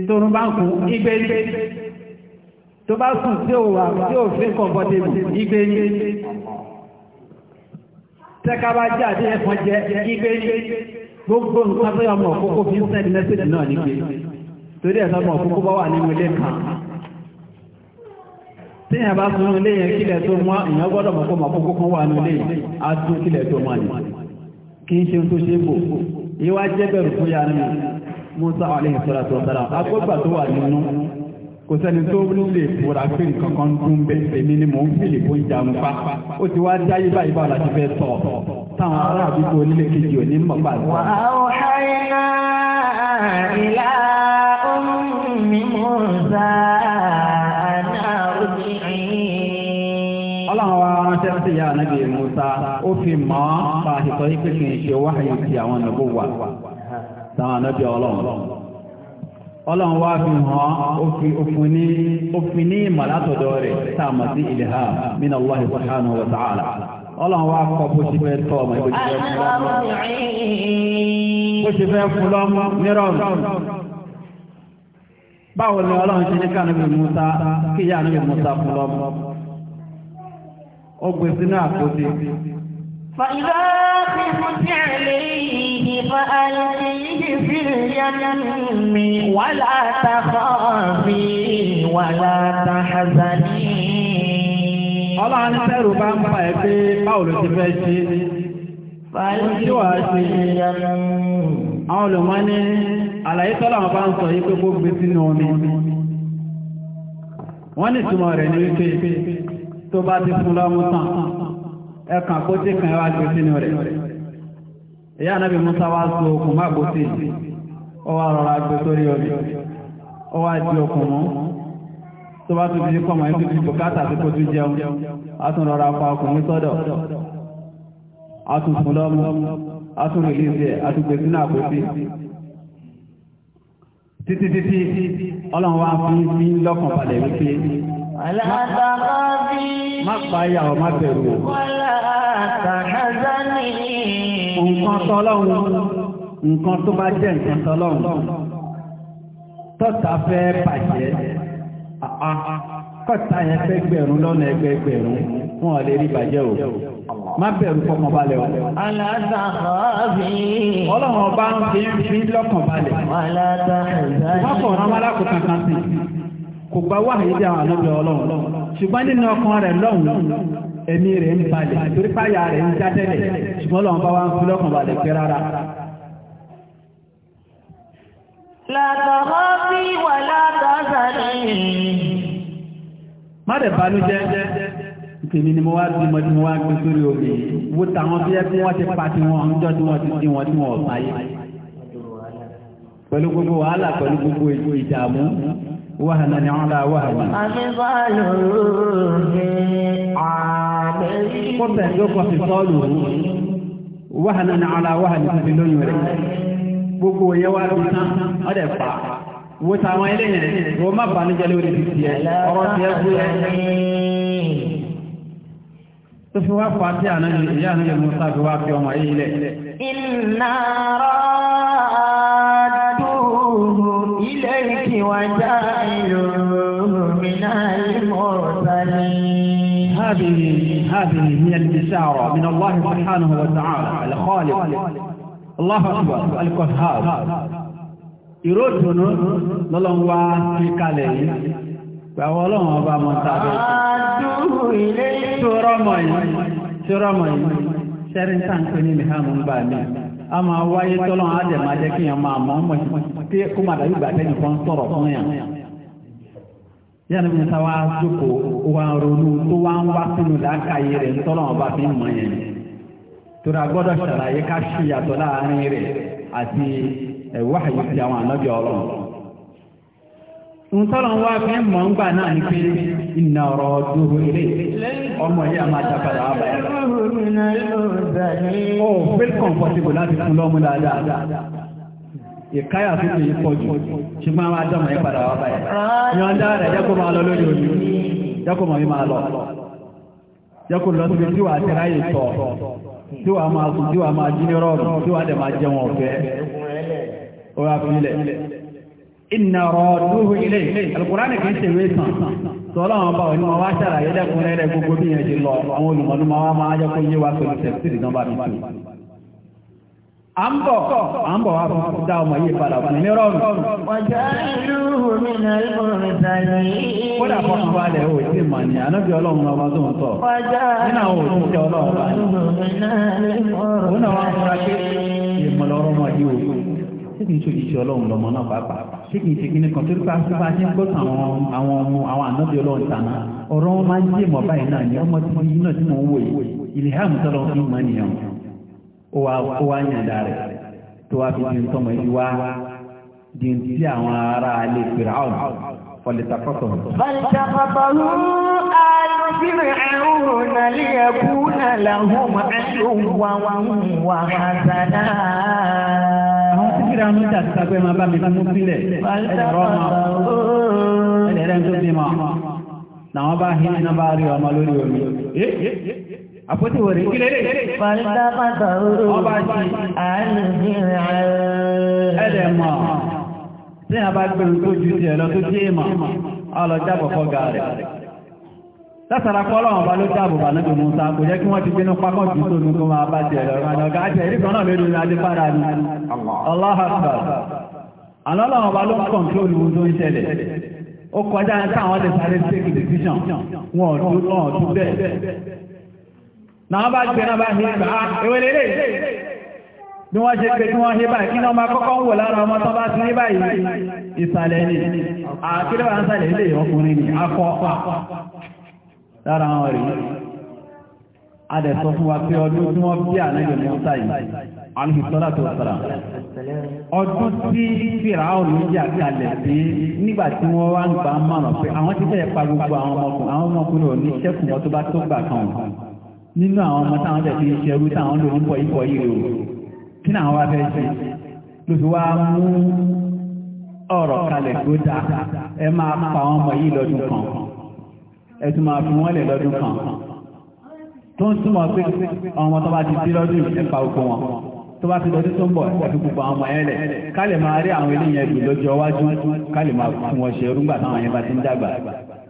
tórun bá ń kùn ìgbé ni tó bá sùn tí ò wà tí ò fi kọ̀m̀pọ̀tébù ìgbé ni tẹ́ka bá jáde ẹ̀fọn jẹ ìgbé ni gbogbo nǹkan tó yà mọ̀ kókó fi ń sẹ́ni mẹ́sẹ̀jì náà ní pé torí ẹ̀sọ́ mọ̀ kókó bá wà nínú ilé kan tí yẹn bá sun ilé yẹn kílẹ̀ tó mọ́ èèyàn gbọ́dọ̀ mọ̀ kó mọ̀ kókó kan wà nílé á tún kílẹ̀ tó mọ́ ni kí n ṣe tó ṣe bò yíwá jẹ́ bẹ̀rù fún yàrá mi Musa alayhi salatu wa salam agbógbà tó wà nínú kò sẹ́ni tó lè fura pé nǹkan dún bẹ́ẹ̀ tèmi ni mò ń fìlè fún ìjà pa ó ti wá dá yí báyìí la ti fẹ́ sọ táwọn ará àdúgbò onílé kejì ò ní mọ̀ bá sọ. وأوحينا إلى أم موسى أن أرضعيه ọlọ́run wa ránṣẹ́ sí ìyá ànábì Musa ó fi mọ́ pa àṣìṣọ́ yìí pé kì í ṣe wáhàyè ti àwọn ànábò wà táwọn ànábì ọlọ́run. ọlọ́run wá fi hàn òfin ní ìmọ̀látọ̀dọ̀ rẹ̀ sáàmà sí ìlẹ̀há min Allah subhanahu wa ta'ala ọlọ́run wá kọ bó ṣe fẹ́ tọ́ ọmọ ìbò ṣe fẹ́ fún lọ́mọ nírọ̀rùn báwo ni ọlọ́run ṣe ní Musa kíyà Musa fún ó gbé فإذا خفت عليه فألقيه في اليمن ولا تخافي ولا تحزني ọlọ́run sẹ́rù bá ń pa ẹ̀ pé báwo ló ti fẹ́ ṣe tí wàá ṣe àwọn olùmọ́ ní àlàyé tọ́lọ́wọ́n bá ń sọ yí pé kó gbé sínú omi wọ́n ní ìtumọ̀ rẹ̀ ní wípé tó bá ti fún lọ́mú tán ẹ̀kàn kó kan wá sínú rẹ̀ ìyá anábì musa wá so okùn má gbó ó wá rọra gbé sórí omi ó wá di okùn mú tó bá tún di kọ́mọ ẹni tó ti bùkátà tún jẹun a tún rọra pa ọkùnrin sọ́dọ̀ a tún fún a tún rìlíìsì ẹ̀ a tún gbé sínú àpótí títí títí ọlọ́run fi lọ́kàn balẹ̀ wípé Má pàáyà ọ má bẹ̀rù o. Nǹkan tọ́lọ́run, nǹkan tó bá jẹ́ nǹkan tọ́lọ́run. Tọ́ta fẹ́ bàjẹ́, kọ́ta yẹn fẹ́ gbẹ̀rún lọ́nà ẹgbẹ̀gbẹ̀rún, wọn ò lè rí bàjẹ́ o. Má bẹ̀rù fọkàn balẹ̀ o. Ọlọ́run ọba ń fi lọ́kàn balẹ̀. Má kọ̀ọ̀rán wá lákòókò kankan sí kò gba wáhàyí bí àwọn àlọ́bẹ̀ ọlọ́run ṣùgbọ́n nínú ọkàn rẹ̀ lọ́hùn ẹ̀mí rẹ̀ ń balẹ̀ torí páyà rẹ̀ ń játẹ́lẹ̀ ṣùgbọ́n lọ́wọ́n bá wá ń fi lọ́kàn balẹ̀ pé rárá. látọ̀rọ̀ bí wà látọ̀sọ̀rọ̀ má dẹ̀ banújẹ́ tèmi ni mo wá bí mo ti mo wá gbé sórí omi wo tàwọn tó yẹ kí wọ́n ti pa tiwọn ń jọ́ tí wọ́n ti tiwọn tí wọ́n ọ̀sáyé pẹ̀lú gbogbo wàhálà pẹ̀lú gbogbo ìdààmú وهنا على وهن أفضاله عامل قلت يقف فصاله وهنا على وهن في اللون يولي بوكو يوالبنا أدفع وتعوى إليه وما بان جلوري في السياء أرد يزوي تفي وفا تيانا يانا يموسى بواقع وما رأى وجاعلوه من المرسلين هذه هذه من البشارة من الله سبحانه وتعالى الخالق الله أكبر القهار ìródùnú lọ́lọ́run wá sí kalẹ̀ yìí pẹ̀wọ́ ọlọ́run ọba mọ́tàbẹ̀ tí ó rọ́mọ̀ yìí ṣẹ́rin tàǹkì ní mìhàmù ń bà mí a máa wáyé tọ́lọ́n á dẹ̀ máa jẹ́ kí èèyàn máa mọ̀ mọ̀ tí kó máa dàbí ìgbà tẹ́yìn kan sọ̀rọ̀ fún yàn. yàrá mi ta wá jókòó wa ronú tó wá ń wá sínú làákàyè rẹ̀ tọ́lọ́n ọba fi ń mọ̀ yẹn. a ntọ́lọ̀ wá fi ń mọ̀ ń gbà náà ní pé iná ọ̀rọ̀ dúró ilé ọmọ a máa dápadà wá ìkáyà tó ti pọ̀ ṣùgbọ́n àwọn adọ́mọ̀ yìí padà wá dá rẹ̀ máa lọ lórí mọ̀ máa lọ. lọ ráyè máa sùn máa jí ní dẹ̀ máa ọ̀fẹ́. iná rọ̀ọ̀dúhù ilé alukùránì kìí ṣe wé tàn tọ́lọ́wọ́n bá òní wọ́n wá ṣàlàyé lẹ́kùnrin rẹ̀ gbogbo bí yẹn ti lọ àwọn olùmọ̀lúmọ̀ wá máa jẹ́ kó yé wa pẹ̀lú tẹ̀sírì náà bá mi tù. à ń bọ̀ à ń bọ̀ wá fún dá ọmọ yìí padà wà ní rọrùn. ọjọ́ ìlú mi náà ìbò mi ta ni. kódà fọ́ fún balẹ̀ o ti ní anábì tí kìí ṣe òṣìṣẹ́ ọlọ́run lọ́mọ náà pàápàá tí kìí ṣe kíní kan torí pé aṣọ́fà ṣe ń gbọ́tàn àwọn àwọn ọmọ àwọn ànábì ọlọ́run tàná ọ̀rọ̀ wọn máa ń jẹ́ ìmọ̀ báyìí náà ní ọmọ tí mo yí náà tí mo ń wò yìí ìlẹ̀hàmù tọ́lọ́ fi mọ̀ nìyẹn ó wá yànda rẹ̀ tó wá fi di tọmọ yìí wá di ti àwọn ará alẹ́ pèrè àwọn fọlẹ́tàkọ́tọ̀. fọlẹ́tàkọ́tọ̀ فرعون ليكون لهم عدوا وحسنا kíra ló jà ti sàgbé máa bá mi mú sílẹ̀ ẹ̀rọ ọmọ ẹ̀rẹ́ tó bí mọ́ làwọn bá hí iná bá rí ọmọ lórí omi àpótí wòrè kí lérè pàtàkàtà ọba jí àìlèmíràn ẹ̀rẹ̀ mọ̀ tí a bá gbẹ̀rù tó ju ti ẹ̀lọ tó jí ìmọ̀ ọlọ́jà pọ̀pọ̀ gàrẹ̀ látara kọ́lọ̀ ọ̀bá ló dáàbò bà náà gbogbo kò jẹ́ kí wọ́n ti gbénú pápọ̀ jù tó ní kó máa bá jẹ́ ẹ̀rọ ọ̀gá náà lórí ìrìnàjò ní ló ń tó ń ṣẹlẹ̀ ó kọjá táwọn lè sáré take decision wọn bẹ́ẹ̀ náà bá gbé náà bá ní ìgbà ah, bí wọ́n ṣe pé kí wọ́n lára wọn rí adẹ̀ sọ fún wa pé ọdún tí wọ́n bí ànáyọ̀ ní ọ́ta yìí alìsọ́lá tó sára ọdún tí fìràún jà kalẹ̀ sí nígbà tí wọ́n wá ń gbà mọ̀ràn pé àwọn ti fẹ́ pa gbogbo àwọn ọmọkùnrin àwọn ọmọkùnrin ò ní ṣẹ́kùn wọn tó bá tó gbà kan nínú àwọn ọmọ táwọn jẹ̀ fi ń ṣerú táwọn ló ń bọ̀ ikọ̀ yìí o kí náà wá fẹ́ ṣe ló ẹ̀tù máa fi wọ́n lè lọ́dún kan tó ń túnmọ̀ pé ọmọ tó bá ti dí lọ́dún wọn tó bá ti lọ́dún tó ń bọ̀ ẹ̀fí máa rí àwọn eléyìn ẹ̀dùn máa fún táwọn yẹn bá ti ń dàgbà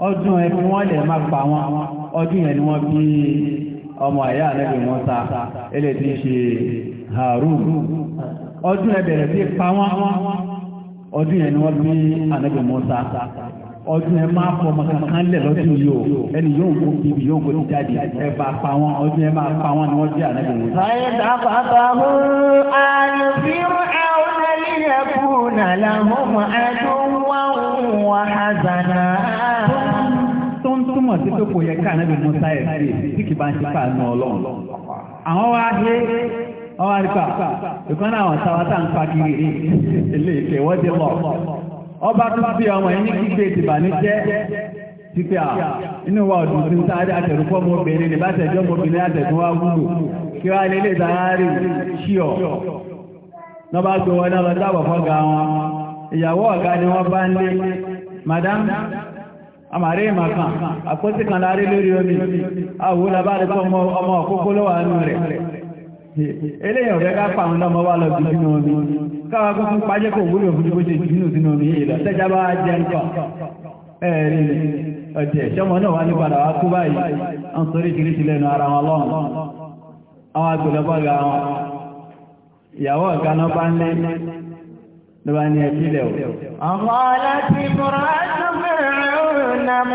ọdún wọ́n pa wọn ọdún yẹn ni wọ́n bí ọmọ ẹ̀yà wọn ta ẹlẹ́ ọdún ẹ máa fọ ọmọ kankan lẹ lọdún yìí o ẹni yóò kó bíbí yóò kó jáde ẹ bá pa wọn ọdún ẹ máa pa wọn ni wọn jẹ ànágbè wọn. fàyẹ̀dà bàbá hu àyùfíru àwọn ẹlẹ́yẹ̀kú nàlá mọ́mọ́ àdúwọ̀n wà hàzànà. tó ń túmọ̀ sí pé kò yẹ ká ànágbè musa ẹ̀ sí tí kì bá ń ṣe fàánù ọlọ́run. àwọn wá dé ọwọ́ àríkà ìkànnì àwọn táwa tá à ń pa kiri ọba tó bí ọmọ yìí ní kíkẹ́ ìtìbànújẹ́ ti pé à inú wa ọdún tí ń sáré mọ́ mọ́bìnrin ní bá tẹ̀jọ́ mọ́bìnrin wá wúlò kí wá lélẹ̀ sáré sí ọ̀ lọ́ba tó wọn náà sábà fọ́gà wọn ìyàwó ọ̀gá ni wọ́n bá ń lé madam kan lórí omi ọmọ rẹ̀ ká lọ́mọ káwà kó fún pàjẹ́ kò wúlò fún bó ṣe jùlọ sínú omi ìlọ tẹ́já bá jẹ́ ń kọ̀ ẹ̀rí ọ̀jẹ̀ ṣọ́mọ náà wá ní padà wá kú báyìí wọ́n sọrí kiri ti lẹ́nu ara wọn lọ́rùn àwọn agbèlọ́gbọ́gà wọn ìyàwó ọ̀gá náà bá ń lẹ́ bá ní ẹbí lẹ̀ o. ọmọ láti bọ̀rọ̀ àtúnfẹ̀rẹ̀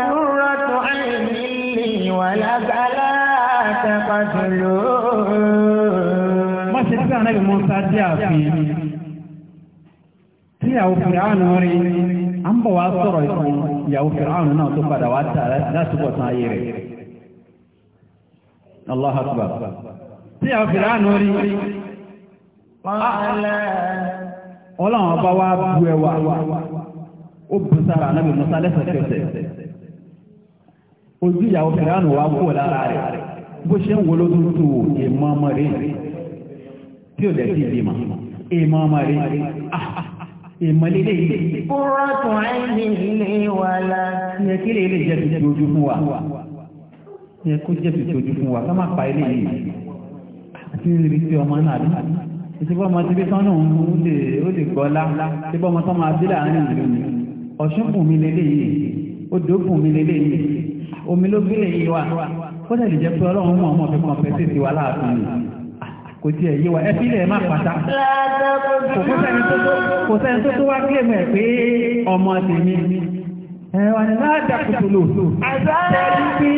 mọ́ sáà àfihàn ìyàwó fìràánù rí à ń bọ̀ wá sọ̀rọ̀ ìtàn ìyàwó fìràánù náà tó padà wá tà láti bọ̀ tán ayé allah akbar tí ìyàwó fìràánù rí ọlọ́run ọba wa bu wa kú lára rẹ̀ bó ṣe ń wo ló tún tù èèmọ́ ah, ah. ìmọ̀lélé ilé. Kúrọ́tù ẹ̀yìn ilé wà láti. Yẹ kí ilé jẹ́ fi tójú fún wa. Yẹ kó jẹ́ fi tójú fún wa, ká má pa ilé yìí. Àti rí sí ọmọ náà rí. Ìṣèpọ̀ ọmọ ti bí sọ́nà òun lè ó lè gbọ́lá. Ìṣèpọ̀ ọmọ sọ́mọ abí láàárín ìlú mi. Ọ̀ṣun fún mi lélẹ̀ yìí. Odò fún mi lélẹ̀ yìí. Omi ló gbélé yìí wà. Ó lè jẹ́ pé ọlọ́run mọ̀ ọmọ fi kàn fẹ́ sí wa láàfin yìí kò tí ẹ̀ yé wa ẹbí lẹ̀ má pàtà kò sẹ́ni tó tó wá kílè mọ̀ ẹ̀ pé ọmọ tèmi ẹ̀wà ni máa dàkùtù lò tẹ́lí pé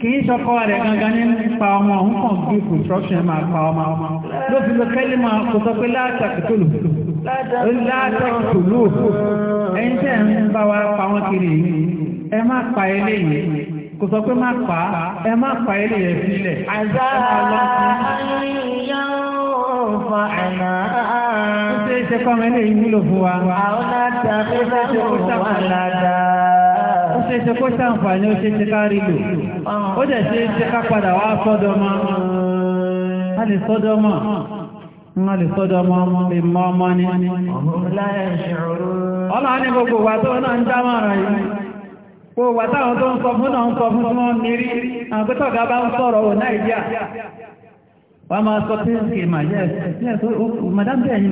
kìí sọkọ rẹ̀ gangan ní pa ọmọ òun kàn bí construction máa pa ọmọ ọmọ ló kẹ́lí máa kò sọ pé látàkùtù lò látàkùtù lò ẹ̀yin tẹ́ ń bá wa pa wọn kiri ẹ má pa eléyìí kò sọ pé má pa ẹ má pa ẹ lè yẹ sílẹ̀. àgbà yóò fa ó ṣe é ṣe kọ́ ọmọ eléyìí wúlò fún wa. àwọn ó ṣe é ṣe kó ṣàǹfààní ó ṣe é ṣe ká rí lò. ó dẹ̀ ṣe é ṣe ká padà wá sọ́dọ̀ lè sọ́dọ̀ lè sọ́dọ̀ ọmọ ọmọ ni. Ọlọ́run ní gbogbo wa tó náà ń yìí. kó wà táwọn tó ń sọ fún náà ń sọ fún tí wọ́n àwọn pẹ́tọ̀ ọ̀gá bá ń madam bẹ́ẹ̀ ni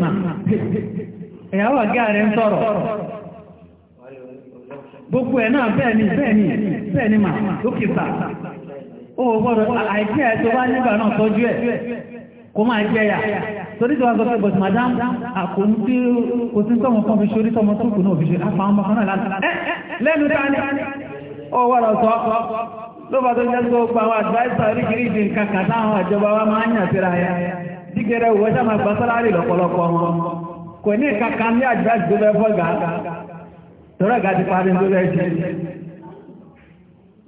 ń sọ̀rọ̀ gbogbo ẹ̀ náà bẹ́ẹ̀ ni bẹ́ẹ̀ ni bẹ́ẹ̀ kó máa jẹ́yà torí tí wọ́n sọ pé but madam àkóhun tí kò sí tọ́mọ kan fi ṣorí tọ́mọ tó kù náà fi ṣe apá ọmọ kan náà láti eh, eh, lẹ́nu dání ó wọ́rọ̀ sọ ló bá tó jẹ́ tó gba àwọn àdìbáìsà oríkìrí ìdí nǹkan kàtà àwọn àjọba wa máa ń yàn síra ya dígẹrẹ òwò ṣáà máa gba sálárì lọ́pọ̀lọpọ̀ wọn kò ní ìkàkà ní àdìbáìsì tó fẹ́ fọ́gà tọ́rọ̀ gà ti parí lórí ẹ̀ṣẹ̀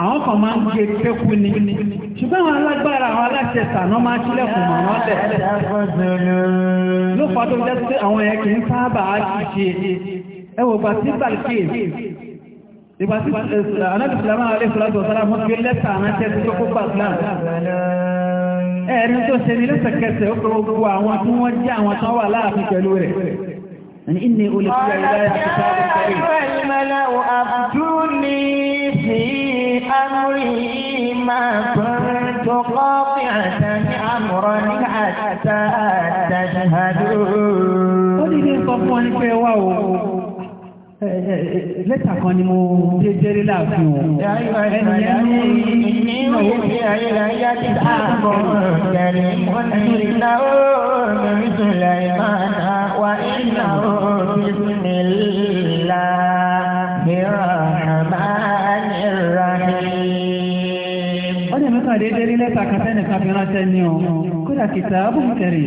àwọn kan máa ń gbé kékú ni ṣùgbọ́n àwọn alágbára àwọn aláṣẹ sànà máa ṣílẹ̀kùn mọ̀ wọ́n tẹ̀. ló fà tó jẹ́ pé àwọn yẹn kì í sábà á ṣe ẹ wò gbà sí bàlùkì ìgbà tí anábìsìlámà aléṣọ́láṣọ́ ọ̀sára mọ́ fi lẹ́tà ránṣẹ́ sí tó kó pàtàkì ẹ̀rí tó ṣe ní lẹ́sẹ̀kẹsẹ̀ ó kọ́ gbogbo àwọn tí wọ́n jẹ́ في أمري ما كنت قاطعة أمرا حتى تشهدون. lẹ́tà kan ni mo dé jẹ́rí láàfin o. ẹnìyẹn ní ìnáwó ní ayélujára ti dá àbọ̀ jẹ̀rẹ̀ mọ́tì náà ó mi sùn lẹ́yìn máa dá wa ìnáwó bísí mi lọ. kàn déédéé ní lẹ́tà kan kan fi ránṣẹ́ ní o kódà kìtà abúkẹ́rì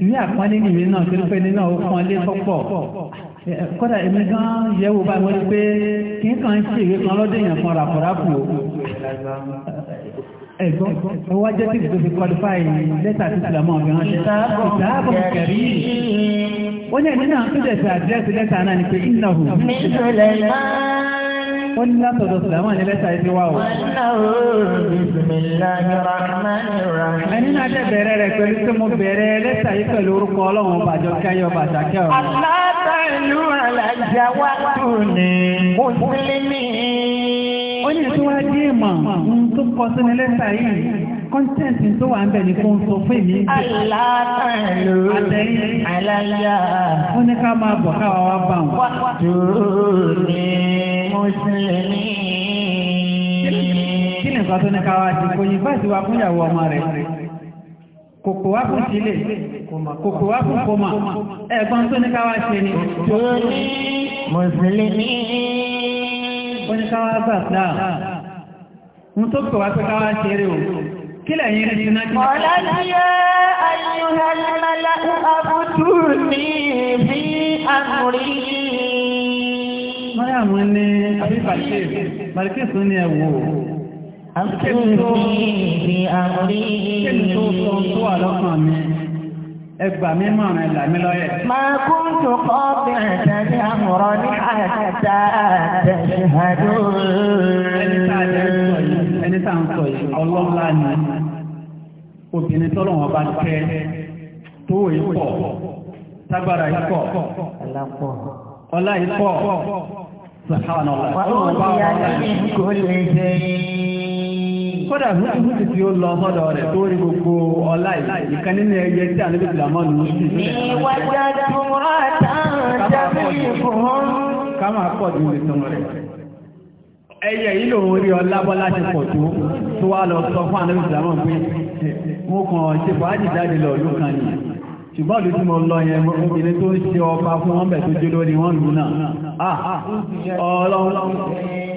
ìwé àpọ́nlé nìwé náà tó pé nínú ó pọ́nlé pọ́pọ̀ kódà èmi gan yẹ̀wò báyìí wọ́n pé kí n kàn ń ṣe ìwé kan lọ́dún yẹn kan ràkúrákù ẹ̀gbọ́n ọwọ́ jẹ́ tí kò fi qualify lẹ́tà tí ìsìlámù ọ̀gbìn ránṣẹ́ ìta abúkẹ́rì ó ní ẹ̀mí náà tó dẹ̀ àdírẹ́sì lẹ́tà náà ni pé ìnáwó. mi ò lè máa ó ní látọ̀dọ̀ sùlámà ní lẹ́tà ibi wà ó. ẹni náà dẹ̀ bẹ̀rẹ̀ rẹ̀ pẹ̀lú tí mo bẹ̀rẹ̀ lẹ́tà yìí pẹ̀lú orúkọ ọlọ́run bàjọ́ káyọ̀ bàjá kẹ́ ọ̀rọ̀. alátàlú alájà wà tún ní mùsùlùmí ó ní ètò wá dé ìmọ̀ tó kọ sí ní lẹ́tà yìí kọ́ńtẹ́ǹtì tó wà ń bẹ̀ ní kó ń sọ fún èmi. alátàlú aláyà. ó fún ìyàwó ọmọ fún kòmà ẹ̀gbọ́n tó ní káwa ṣe ni. dùrùmí mùsùlùmí wọ́n ní káwá gbà sílá ń tó pè wá pé káwá ṣe eré o kí lẹ́yìn rí iná kí ọ̀lá ní ayélujára àbútú ní bí àmúrí Mọ́yàmú ní àbífàṣẹ́ Màríkèsù ní ẹ̀wò. Àbútú ẹgbà mi mọ̀ ọ̀rọ̀ ẹ̀là mi lọ́yẹ̀. máa kún tó kọ́ bí ẹ̀dẹ̀dẹ̀ àmọ̀rọ̀ ní àdá àdẹ̀ṣẹ̀hàdó. ẹni tá à ń sọ yìí ọlọ́lá ni obìnrin tọ́lọ̀ wọn bá kẹ́ tó wòye pọ̀ tágbára yìí pọ̀ ọlá yìí pọ̀ sàkánà ọ̀la. wọ́n ti yá ní kò lè ṣe é kódà hútùhútù tí ó lọ ọmọdọ̀ rẹ̀ tó rí gbogbo ọlá ìkan nínú ẹyẹ tí a níbi ìlàmọ́ nù sí. ká máa pọ̀ ju ìtàn rẹ̀ ẹyẹ yìí lòun rí ọlábọ́lá ti pọ̀ tó tó wá lọ sọ fún àníbi ìlàmọ́ pé mo kàn ṣe fàájì jáde lọ ìlú kan yìí ṣùgbọ́n ló tí mo lọ yẹn obìnrin tó ń ṣe ọba fún wọn bẹ̀ tó jẹ́ lórí wọn lù náà ah,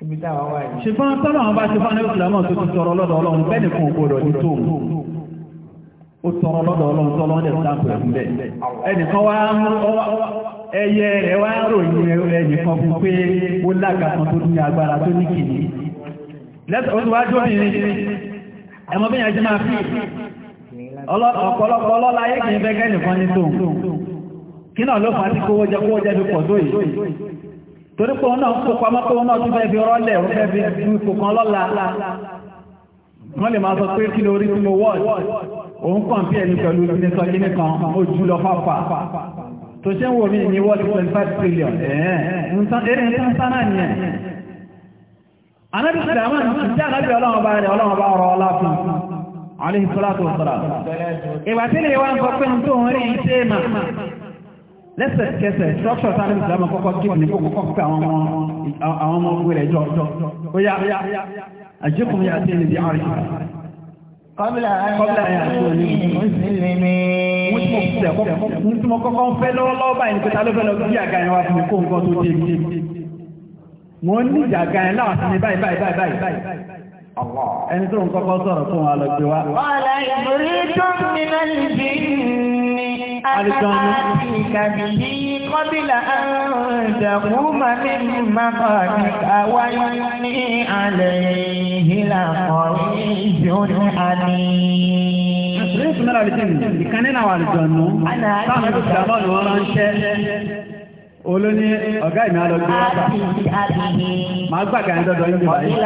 ṣùgbọ́n àwọn bá ṣe fún náà tọrọ lọ́dọ̀ ọlọ́run bẹ́ẹ̀ nìkan gbọdọ̀ ní tó tọrọ lọ́dọ̀ ọlọ́run tọ́lọ́ ọdẹ sáàpù bẹ́ẹ̀ ẹnìkan wá ẹyẹ rẹ̀ wá ròyìn ẹnìkan fún pé ó lágàtàn tó ní agbára tó ní kìíní obìnrin ẹmọ bí yẹn ti máa fi ọ̀pọ̀lọpọ̀ kìí torí pé wọn náà kó pamọ́ pé wọn náà tún fẹ́ fi rọ́lẹ̀ wọn fẹ́ fi fi ipò kan lọ́la wọ́n lè máa sọ pé kí lórí tí mo wọ́ òun kàn bí ẹni pẹ̀lú ìpínlẹ̀sọ yìí nìkan ó jù lọ fáfà tó ṣe ń wò mí ní wọ́ọ̀dì 25 trillion ẹ̀ẹ́n ń tán náà nìyẹn anábì sọ̀rọ̀ àwọn ìṣẹ́ anábì ọlọ́run bá rẹ̀ ọlọ́run bá rọ ọlá fún aléhìsọ́lá tó sọ̀rọ̀ ìgbà tí lè wá ń sọ pé ń tó ń rí iṣẹ́ mà lẹ́sẹ̀kẹsẹ̀ structure tánà ìsìlámà kọ́kọ́ kí ní kọ́kọ́ pẹ́ àwọn ọmọ ogun rẹ̀ jọ ó yá àjíkùn yà tí ní bí àrí kọ́bílà yà tí ó ní mùsùlùmí mú tí mo kọ́kọ́ ń fẹ́ lọ́wọ́lọ́wọ́ báyìí ní pẹ́ta ló fẹ́ lọ bí àga yẹn wá fún mi kó nǹkan tó dé mo ń ní àga yẹn láwọn sí mi báyìí báyìí báyìí báyìí ẹni tó ń kọ́kọ́ sọ̀rọ̀ fún wa lọ gbé wa. wàhálà ìbòrí tó ń àlùjọ́nù. Ìkàbìyí kọ́bílà àrùndàkú màmí màmá nípa wáyé ní alẹ́ ìhìlà kọ̀rí ìjọ́nù àní. Ìkànnì náà wà àlùjọ́nù. Táwọn ẹgbẹ́ ìgbàgbọ́ ni wọ́n ránṣẹ́ olóní ọ̀gá ìmì alọ́gbé ọ̀pá máa gbàgbà ní dọ́dọ̀ yìí báyìí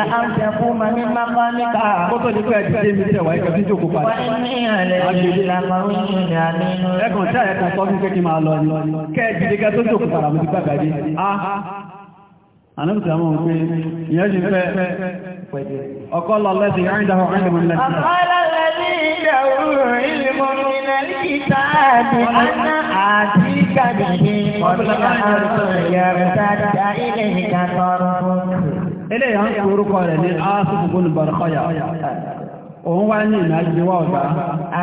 kó tó ní pé ẹ̀dí dé mi tẹ̀wà ẹ̀kọ́ tí jòkó padà ẹ̀kọ́ tí àyẹ̀kọ́ sọ́fún kékeré máa lọ ní kẹ́ẹ̀dí dé kẹ́ tó jòkó padà mo ti gbàgbà dé ah, ànúbìsàmọ́ wípé ìyẹ́ ṣe fẹ́ ọkọ́lọ̀ lẹ́sì ìrìndáwọ̀ ìrìnmọ̀ lẹ́sì ọkọ́lọ̀ lẹ́sì ìrìndáwọ̀ ìrìnmọ̀ lẹ́sì ìtààdì ọ̀nà àti ìgbàgbàgbé ọ̀pọ̀lọpọ̀ àwọn ìyàrùsáta ilẹ̀ òun wá ní ìrìn àjò wá ọ̀dá.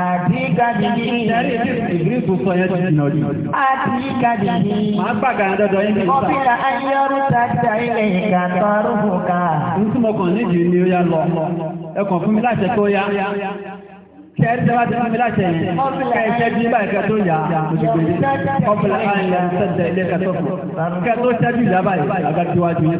Àti gàdìdì. Ìjẹ́rì tí ìgbìrì tó sọ yẹn ti jìnà jù. Àti gàdìdì. Màá gbàgà ní dọ́dọ̀ yín ní ìta. Ọ̀bíra ayọ́rù tàjà ilẹ̀ ìkàtọ̀ rúbù ká. N tí mo kàn nídìí ni ó yá lọ. Ẹ kàn fún mi láṣẹ tó yá. Kí ẹ jẹ́ bá ti fún mi láṣẹ yẹn. Kẹ́ bí báyìí kẹ́ tó yá. Ọ̀bìnrin ayọ̀ tẹ̀sẹ̀ ilé kẹ́tọ̀ fún. Kẹ́ ṣẹ́jú ìyá báyìí.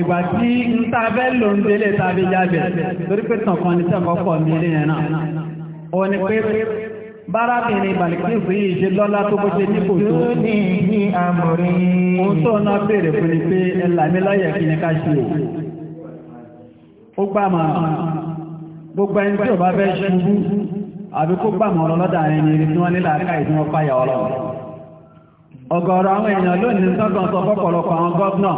ìgbà tí ń tàbẹ́ ló ń délé tàbí jábẹ̀ torí pé tàn ní tẹ́kọ̀ọ́kọ̀ mi rí ẹ̀nà o ní pé bárábìnrin ìbàlìkínsù yìí ṣe lọ́lá tó bó ṣe nípò tó ní àmúrí tó náà bèèrè fún ni pé ẹlàmí láyẹ̀ kí ní ká ọ̀gọ̀rọ̀ àwọn èèyàn lónìí sọ́gbọ̀n sọ fọ́pọ̀lọpọ̀ àwọn gọ́ọ̀nà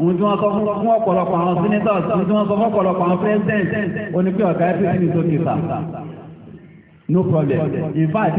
ohun tí wọ́n sọ fún ọ̀pọ̀lọpọ̀ àwọn senators ohun tí wọ́n sọ fọ́pọ̀lọpọ̀ àwọn president onípẹ́ ọ̀gá fcc sókè no problem fact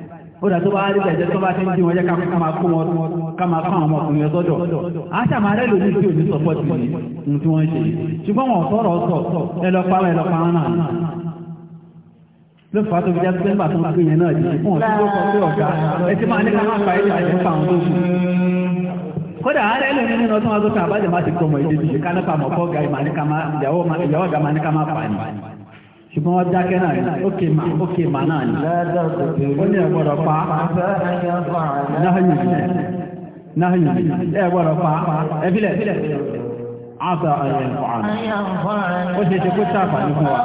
bóra tó bá rí ẹ̀jẹ̀ tó bá ti ń jí wọn jẹ́ ká máa kó wọn ká máa fún àwọn ọmọkùnrin ọ̀sọ́dọ̀ àṣàmárẹ́ lòdì tí ò ní sọ́pọ́tì ní ohun tí wọ́n ń ṣe ṣùgbọ́n wọn sọ̀rọ̀ sọ ẹlọ́pàá ẹlọ́pàá náà ló fà á tó fi jẹ́ pé bàtún fún yẹn náà jìí fún ọ̀sán tó sọ pé ọ̀gá ẹ ti máa ní ká máa pa ẹ̀jẹ̀ àti nípa àwọn tó kù kódà ààrẹ lónìí nínú ọdún wa tó kà àbájá má ti gbọmọ ìdíje ká nípa mọ̀kọ́ ga ìyàwó ṣùgbọ́n wọ́n dákẹ́ náà ní ókè mà ókè mà náà ní. ó ní ẹ̀gbọ́dọ̀ pa náhàyè ẹ̀gbọ́dọ̀ pa ẹ̀fílẹ̀ àtà àyẹ̀fọ́ àná. ó ṣe ṣe kó sáàpà ní fún wa.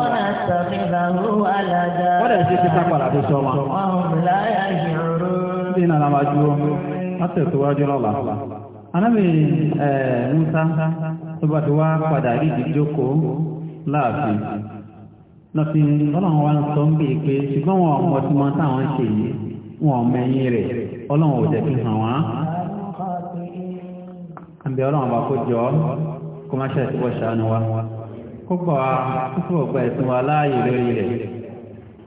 wọ́n dẹ̀ ṣe ṣe sáàpà láti sọ wọn. bí iná la máa dúró látẹ̀síwájú lọ́la. anábì ẹ̀ẹ́dúnsá tó bá ti wá padà rí ìdíjókòó láàfin nọ́tí ọlọ́run wa ń sọ ń bèè pé ṣùgbọ́n wọn ọmọ tí wọ́n táwọn ń ṣe yìí wọn ọmọ ẹ̀yìn rẹ̀ ọlọ́run ò jẹ́ fi hàn wọ́n. àbí ọlọ́run bá kó jọ kó má ṣe ìwọ ṣàánú wa kó gbà wá kó tó gba ẹ̀sìn wa láàyè lórí rẹ̀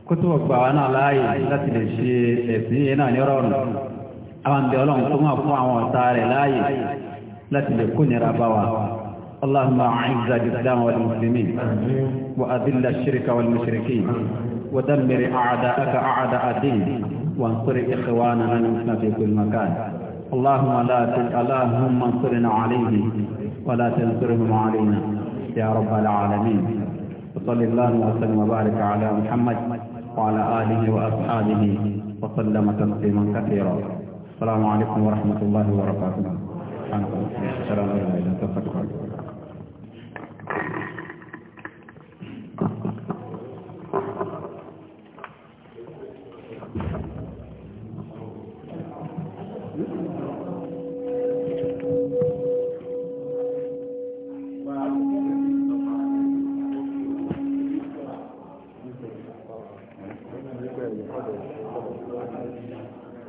kó tó gba wa náà láàyè láti lè ṣe ẹ̀sìn yẹn náà ní rọrùn. àwọn àbí ọlọ́run tó máa fún àwọn ọ̀tá rẹ̀ láàyè láti lè kó nira bá wa. اللهم أعز الإسلام والمسلمين وأذل الشرك والمشركين ودمر أعداءك أعداء الدين وانصر إخواننا المسلمين في كل مكان اللهم لا اللهم انصرنا عليهم ولا تنصرهم علينا يا رب العالمين وصلى الله وسلم وبارك على محمد وعلى آله وأصحابه وسلم تسليما كثيرا السلام عليكم ورحمة الله وبركاته السلام عليكم